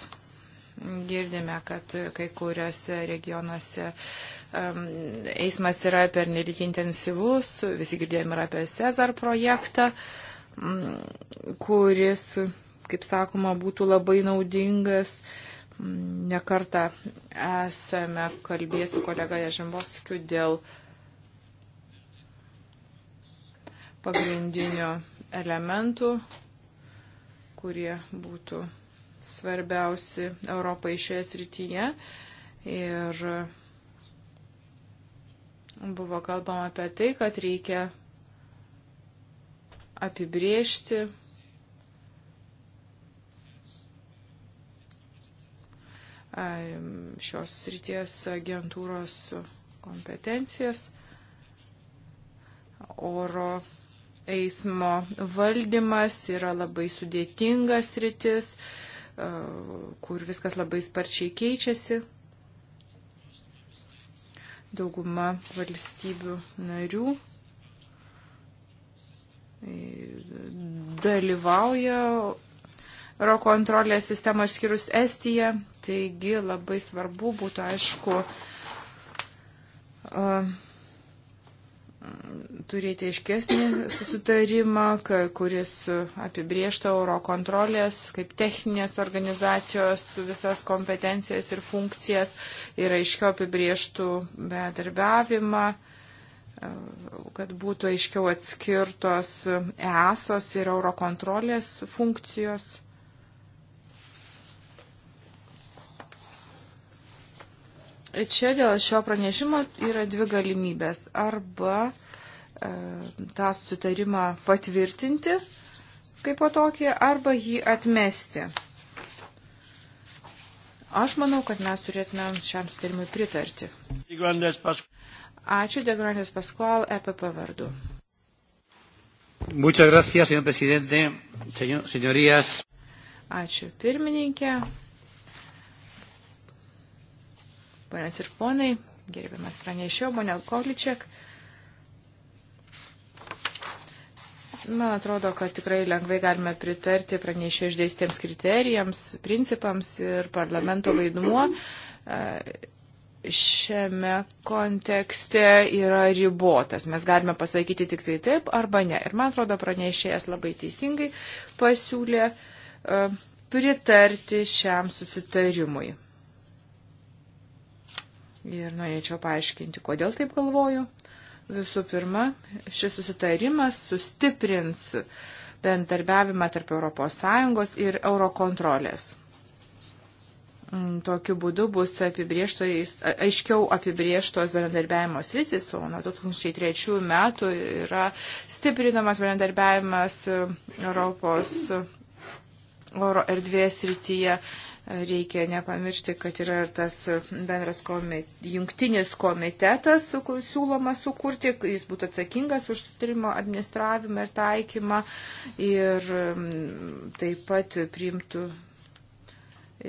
Girdime, kad kai kuriuose regionuose um, eismas yra pernelik intensyvus, visi girdėjome ir apie Cezar projektą, um, kuris, kaip sakoma, būtų labai naudingas. Um, nekartą esame kalbėję su kolega Ježembovskiu dėl pagrindinių elementų, kurie būtų svarbiausi Europai šioje srityje. Ir buvo kalbama apie tai, kad reikia apibriežti šios srities agentūros kompetencijas, oro eismo valdymas yra labai sudėtingas rytis, E, kur viskas labai sparčiai keičiasi. Dauguma valstybių narių e, dalyvauja oro kontrolės sistemą išskyrus Estiją. Taigi labai svarbu būtų, aišku, uh, turėti aiškesnį susitarimą, kuris apibriešta Eurokontrolės kaip techninės organizacijos visas kompetencijas ir funkcijas ir aiškiau apibrieštų bedarbiavimą, kad būtų aiškiau atskirtos EASOS ir Eurokontrolės funkcijos. Čia dėl šio pranešimo yra dvi galimybės. Arba e, tą sutarimą patvirtinti kaip po tokį, arba jį atmesti. Aš manau, kad mes turėtume šiam sutarimui pritarti. Ačiū, Degranės Paskual, EPP vardu. Muchas gracias, señor presidente, señor, señorías. Ačiū, pirmininkė. Panas ir ponai, gerbiamas pranešėjo, ponia Kohličiak. Man atrodo, kad tikrai lengvai galime pritarti pranešė išdėstiems kriterijams, principams ir parlamento vaidmuo e, šiame kontekste yra ribotas. Mes galime pasakyti tik tai taip arba ne. Ir man atrodo, pranešėjas labai teisingai pasiūlė e, pritarti šiam susitarimui. Ir norėčiau paaiškinti, kodėl taip galvoju. Visų pirma, šis susitarimas sustiprins bendarbiavimą tarp ES ir eurokontrolės. Mm, tokiu būdu bus aiškiau apibrieštos bendradarbiavimo sritis, o nuo 2003 metų yra stiprinamas bendradarbiavimas Europos oro erdvės srityje. Reikia nepamiršti, kad yra ir tas bendras komit, jungtinis komitetas su, siūloma sukurti, jis būtų atsakingas už sutarimo administravimą ir taikymą ir mm, taip pat priimtų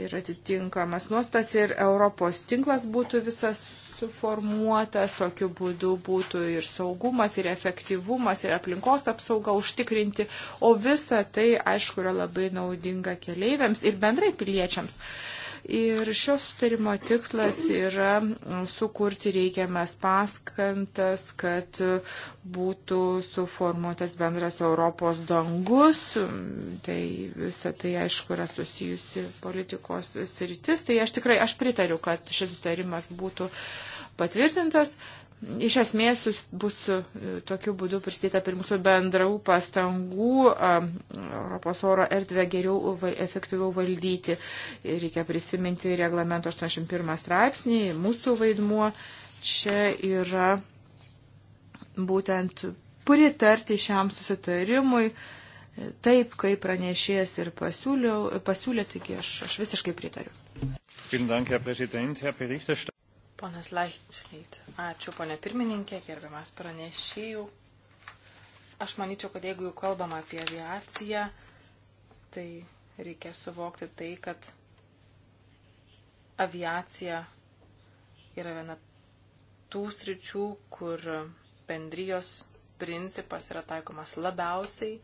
ir atitinkamas nuostas ir Europos tinklas būtų visas suformuotas, tokiu būdu būtų ir saugumas, ir efektyvumas, ir aplinkos apsauga užtikrinti, o visa tai, aišku, yra labai naudinga keleiviams ir bendrai piliečiams. Uh, Ir šio sutarimo tikslas yra sukurti reikiamas paskantas, kad būtų suformuotas bendras Europos dangus. Tai visą tai, aišku, yra susijusi politikos sritis. Tai aš tikrai, aš pritariu, kad šis sutarimas būtų patvirtintas. Uh, iš esmės bus e, tokiu būdu prisidėta prie mūsų bendraų pastangų e, Europos oro erdvę geriau efektyviau valdyti. Reikia prisiminti reglamento 81 straipsnį, mūsų vaidmuo čia yra būtent pritarti šiam susitarimui. E, taip, kaip pranešėjas ir pasiūlė, taigi aš, aš visiškai pritariu. Vielen Dank, Herr Präsident, Herr Berichterstatter. Ponas Laichfried, ačiū ponė pirmininkė, gerbiamas pranešėjų. Aš manyčiau, kad jeigu jau kalbam apie aviaciją, tai reikia suvokti tai, kad aviacija yra viena tų sričių, kur bendrijos principas yra taikomas labiausiai,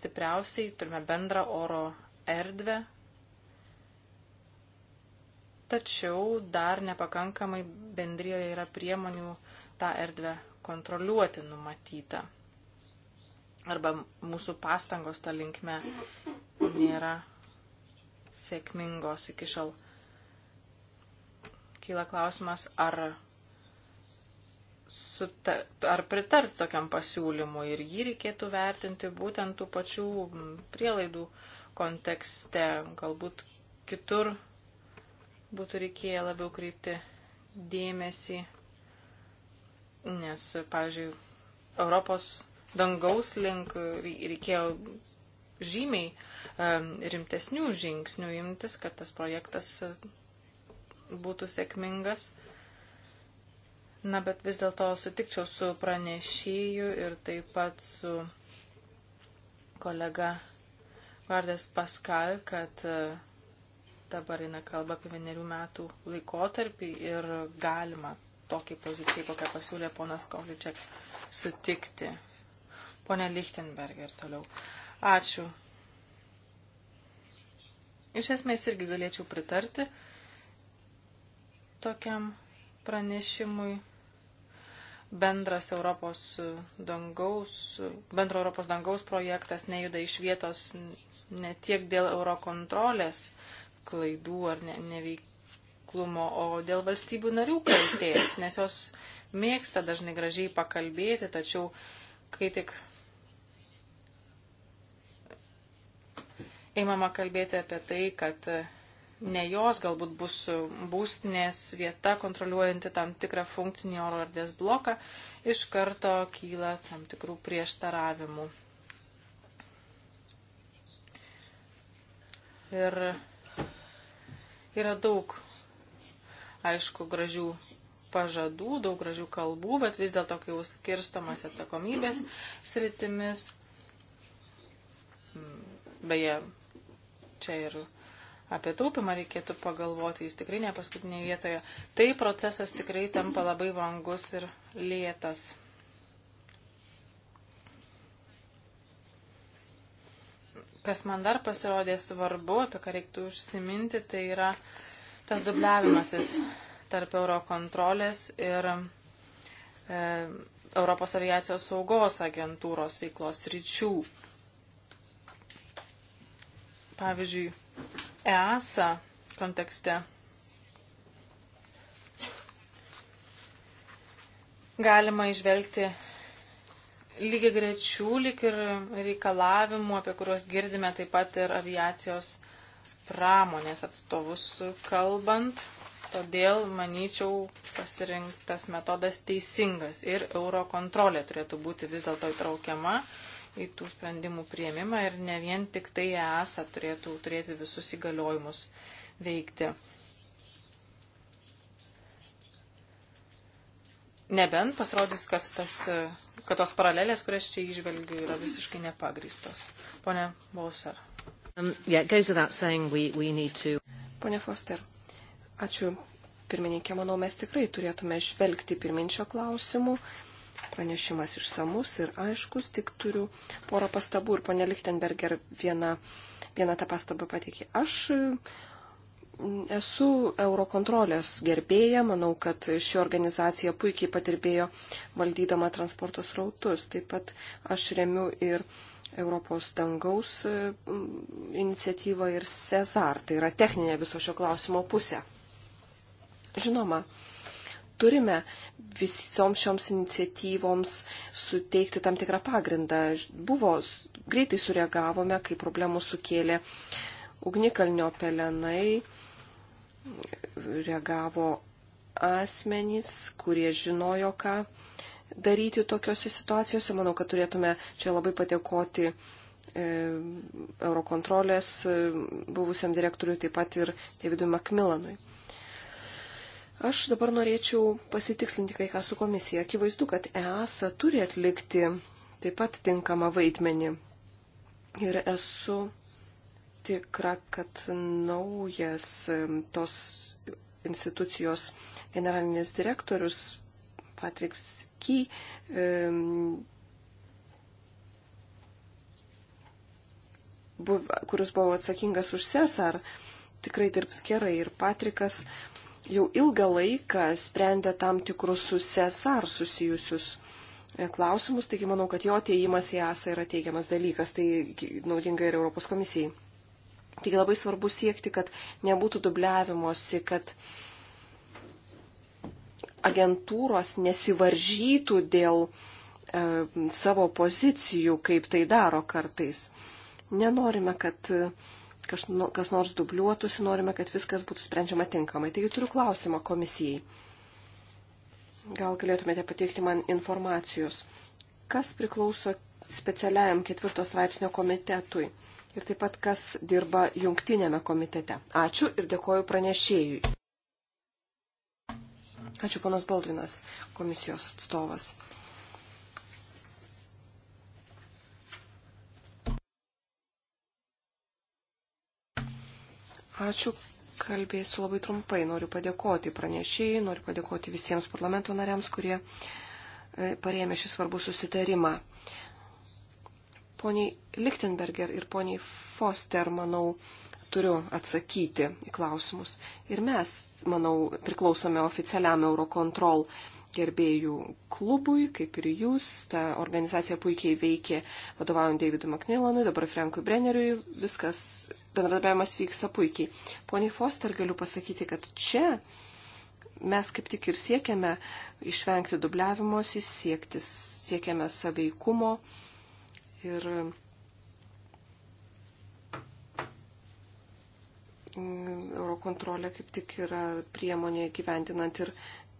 stipriausiai, turime bendrą oro erdvę tačiau dar nepakankamai bendrijoje yra priemonių tą erdvę kontroliuoti numatyta. Arba mūsų pastangos tą linkme nėra sėkmingos iki šiol. Kyla klausimas, ar, suta, ar pritarti tokiam pasiūlymui ir jį reikėtų vertinti būtent tų pačių prielaidų kontekste, galbūt kitur būtų reikėję labiau kreipti dėmesį, nes, pavyzdžiui, Europos dangaus link reikėjo žymiai rimtesnių žingsnių imtis, kad tas projektas būtų sėkmingas. Na, bet vis dėlto sutikčiau su pranešėju ir taip pat su kolega Vardas Paskal, kad uh, dabar eina kalba apie vienerių metų laikotarpį ir galima tokiai pozicijai, kokią pasiūlė ponas Kovličiak, sutikti. Pone Lichtenberger toliau. Ačiū. Iš esmės irgi galėčiau pritarti tokiam pranešimui bendras Europos dangaus, bendro Europos dangaus projektas nejuda iš vietos ne tiek dėl eurokontrolės, klaidų ar ne, neveiklumo, o dėl valstybių narių kaltės, nes jos mėgsta dažnai gražiai pakalbėti, tačiau kai tik įmama kalbėti apie tai, kad ne jos galbūt bus būstinės vieta kontroliuojanti tam tikrą funkcinį oro erdvės bloką, iš karto kyla tam tikrų prieštaravimų. Ir Yra daug, aišku, gražių pažadų, daug gražių kalbų, bet vis dėlto, kai jau skirstamas atsakomybės sritimis, mm, beje, čia ir apie taupimą reikėtų pagalvoti, jis tikrai ne paskutinėje vietoje, tai procesas tikrai tampa labai vangus ir lėtas. Kas man dar pasirodė svarbu, apie ką reiktų užsiminti, tai yra tas dubliavimasis tarp Eurokontrolės ir e, Europos aviacijos saugos agentūros veiklos ryčių. Pavyzdžiui, EASA kontekste galima išvelgti lygiai grečių lyg ir reikalavimų, apie kuriuos girdime taip pat ir aviacijos pramonės atstovus kalbant. Todėl, manyčiau, pasirinktas metodas teisingas ir eurokontrolė turėtų būti vis dėlto įtraukiama į tų sprendimų prieimimą ir ne vien tik tai ESA turėtų turėti visus įgaliojimus veikti. Nebent pasirodys, kad tas kad tos paralelės, kurias čia išvelgiu, yra visiškai nepagristos. Pone Bauser. Um, yeah, we, we to... Pone Foster, ačiū. Pirmininkė, manau, mes tikrai turėtume žvelgti pirminčio klausimų. Pranešimas išsamus ir aiškus, tik turiu porą pastabų ir ponė Lichtenberger vieną, vieną tą pastabą pateikė. Aš Esu Eurokontrolės gerbėja, manau, kad ši organizacija puikiai patirbėjo valdydama transporto srautus. Taip pat aš remiu ir Europos dangaus iniciatyvą ir Cezar, tai yra techninė viso šio klausimo pusė. Žinoma, turime visoms šioms iniciatyvoms suteikti tam tikrą pagrindą. Buvo, greitai sureagavome, kai problemų sukėlė ugnikalnio pelenai reagavo asmenys, kurie žinojo, ką daryti tokiuose situacijose. Manau, kad turėtume čia labai patekoti e, Eurokontrolės e, buvusiam direktoriui, taip pat ir Davidui Makmilanui. Aš dabar norėčiau pasitikslinti kai ką su komisija. Akivaizdu, kad EASA turi atlikti taip pat tinkamą vaidmenį. Ir esu tikra, kad naujas tos institucijos generalinis direktorius Patriks Ky buv, kuris buvo atsakingas už Cesar, tikrai dirbs gerai. Ir Patrikas jau ilgą laiką sprendė tam tikrus su Cesar susijusius e, klausimus, taigi manau, kad jo ateimas į ESA yra teigiamas dalykas, tai naudinga ir Europos komisijai. Taigi labai svarbu siekti, kad nebūtų dubliavimuose, kad agentūros nesivaržytų dėl e, savo pozicijų, kaip tai daro kartais. Nenorime, kad e, kas, nu, kas nors dubliuotųsi, norime, kad viskas būtų sprendžiama tinkamai. Taigi turiu klausimą komisijai. Gal galėtumėte pateikti man informacijos, kas priklauso specialiajam ketvirtos straipsnio komitetui? ir taip pat kas dirba jungtinėme komitete. Ačiū ir dėkoju pranešėjui. Ačiū ponas Baldvinas, komisijos atstovas. Ačiū, kalbėsiu labai trumpai. Noriu padėkoti pranešėjai, noriu padėkoti visiems parlamento nariams, kurie e, parėmė šį svarbų susitarimą. Poniai Lichtenberger ir poniai Foster, manau, turiu atsakyti į klausimus. Ir mes, manau, priklausome oficialiam Eurocontrol gerbėjų klubui, kaip ir jūs. Ta organizacija puikiai veikė vadovaujant Davidui Maknilanui, dabar Frankui Brenneriui, viskas, bendradarbiavimas vyksta puikiai. Poniai Foster galiu pasakyti, kad čia mes kaip tik ir siekiame išvengti dubliavimosi, siekti, siekiame saveikumo. Ir mm, Eurokontrolė kaip tik yra priemonė gyventinant ir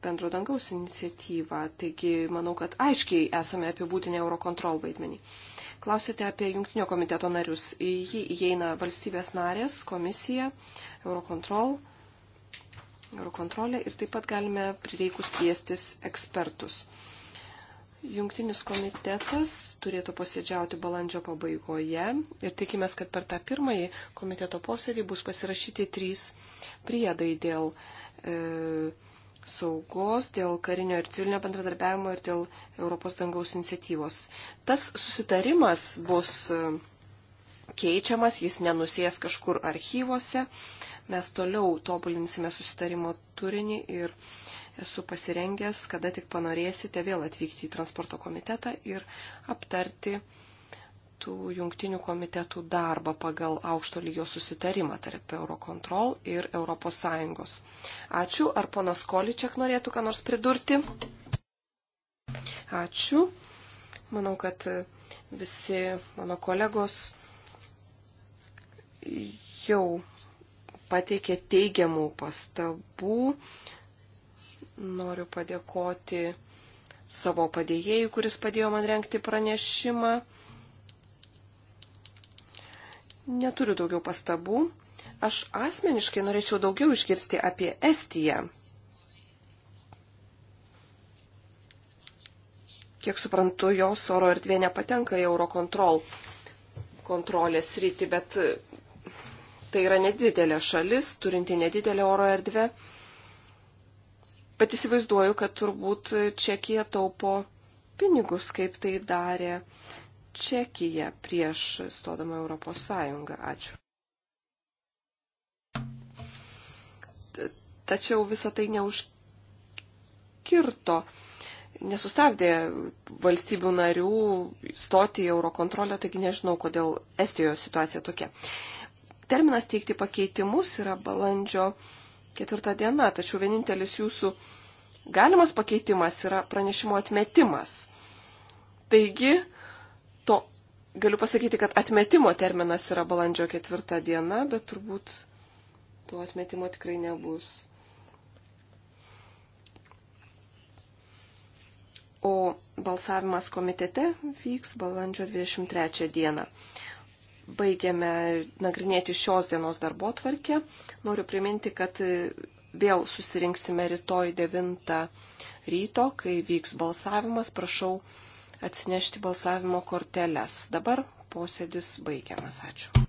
bendro dangaus iniciatyvą. Taigi, manau, kad aiškiai esame apibūtinę Eurokontrol vaidmenį. Klausėte apie jungtinio komiteto narius. Į jį įeina valstybės narės, komisija, Eurokontrol, Eurokontrolė ir taip pat galime prireikus kviestis ekspertus. Jungtinis komitetas turėtų posėdžiauti balandžio pabaigoje ir tikimės, kad per tą pirmąjį komiteto posėdį bus pasirašyti trys priedai dėl e, saugos, dėl karinio ir civilinio bendradarbiavimo ir dėl Europos dangaus iniciatyvos. Tas susitarimas bus e, keičiamas, jis nenusės kažkur archyvose. Mes toliau tobulinsime susitarimo turinį ir e, esu pasirengęs, kada tik panorėsite, vėl atvykti į transporto komitetą ir aptarti tų jungtinių komitetų darbą pagal aukšto lygio susitarimą tarp Eurocontrol ir ES. Ačiū. Ar ponas Količiak norėtų ką nors pridurti? Ačiū. Manau, kad visi mano kolegos jau pateikė teigiamų pastabų Noriu padėkoti savo padėjėjui, kuris padėjo man renkti pranešimą. Neturiu daugiau pastabų. Aš asmeniškai norėčiau daugiau išgirsti apie Estiją. Kiek suprantu, jos oro erdvė nepatenka į Eurocontrol kontrolės rytį, bet tai yra nedidelė šalis, turinti nedidelę oro erdvę. Bet įsivaizduoju, kad turbūt Čekija taupo pinigus, kaip tai darė Čekija prieš stodama Europos Sąjungą. Ačiū. Tačiau visą tai neužkirto, nesustabdė valstybių narių stoti į eurokontrolę, taigi nežinau, kodėl Estijoje situacija tokia. Terminas teikti pakeitimus yra balandžio ketvirta diena, tačiau vienintelis jūsų galimas pakeitimas yra pranešimo atmetimas. Taigi, to galiu pasakyti, kad atmetimo terminas yra balandžio ketvirta diena, bet turbūt to atmetimo tikrai nebus. O balsavimas komitete vyks balandžio 23 dieną baigiame nagrinėti šios dienos darbo tvarkę. Noriu priminti, kad vėl susirinksime rytoj 9 ryto, kai vyks balsavimas. Prašau atsinešti balsavimo korteles. Dabar posėdis baigiamas. Ačiū.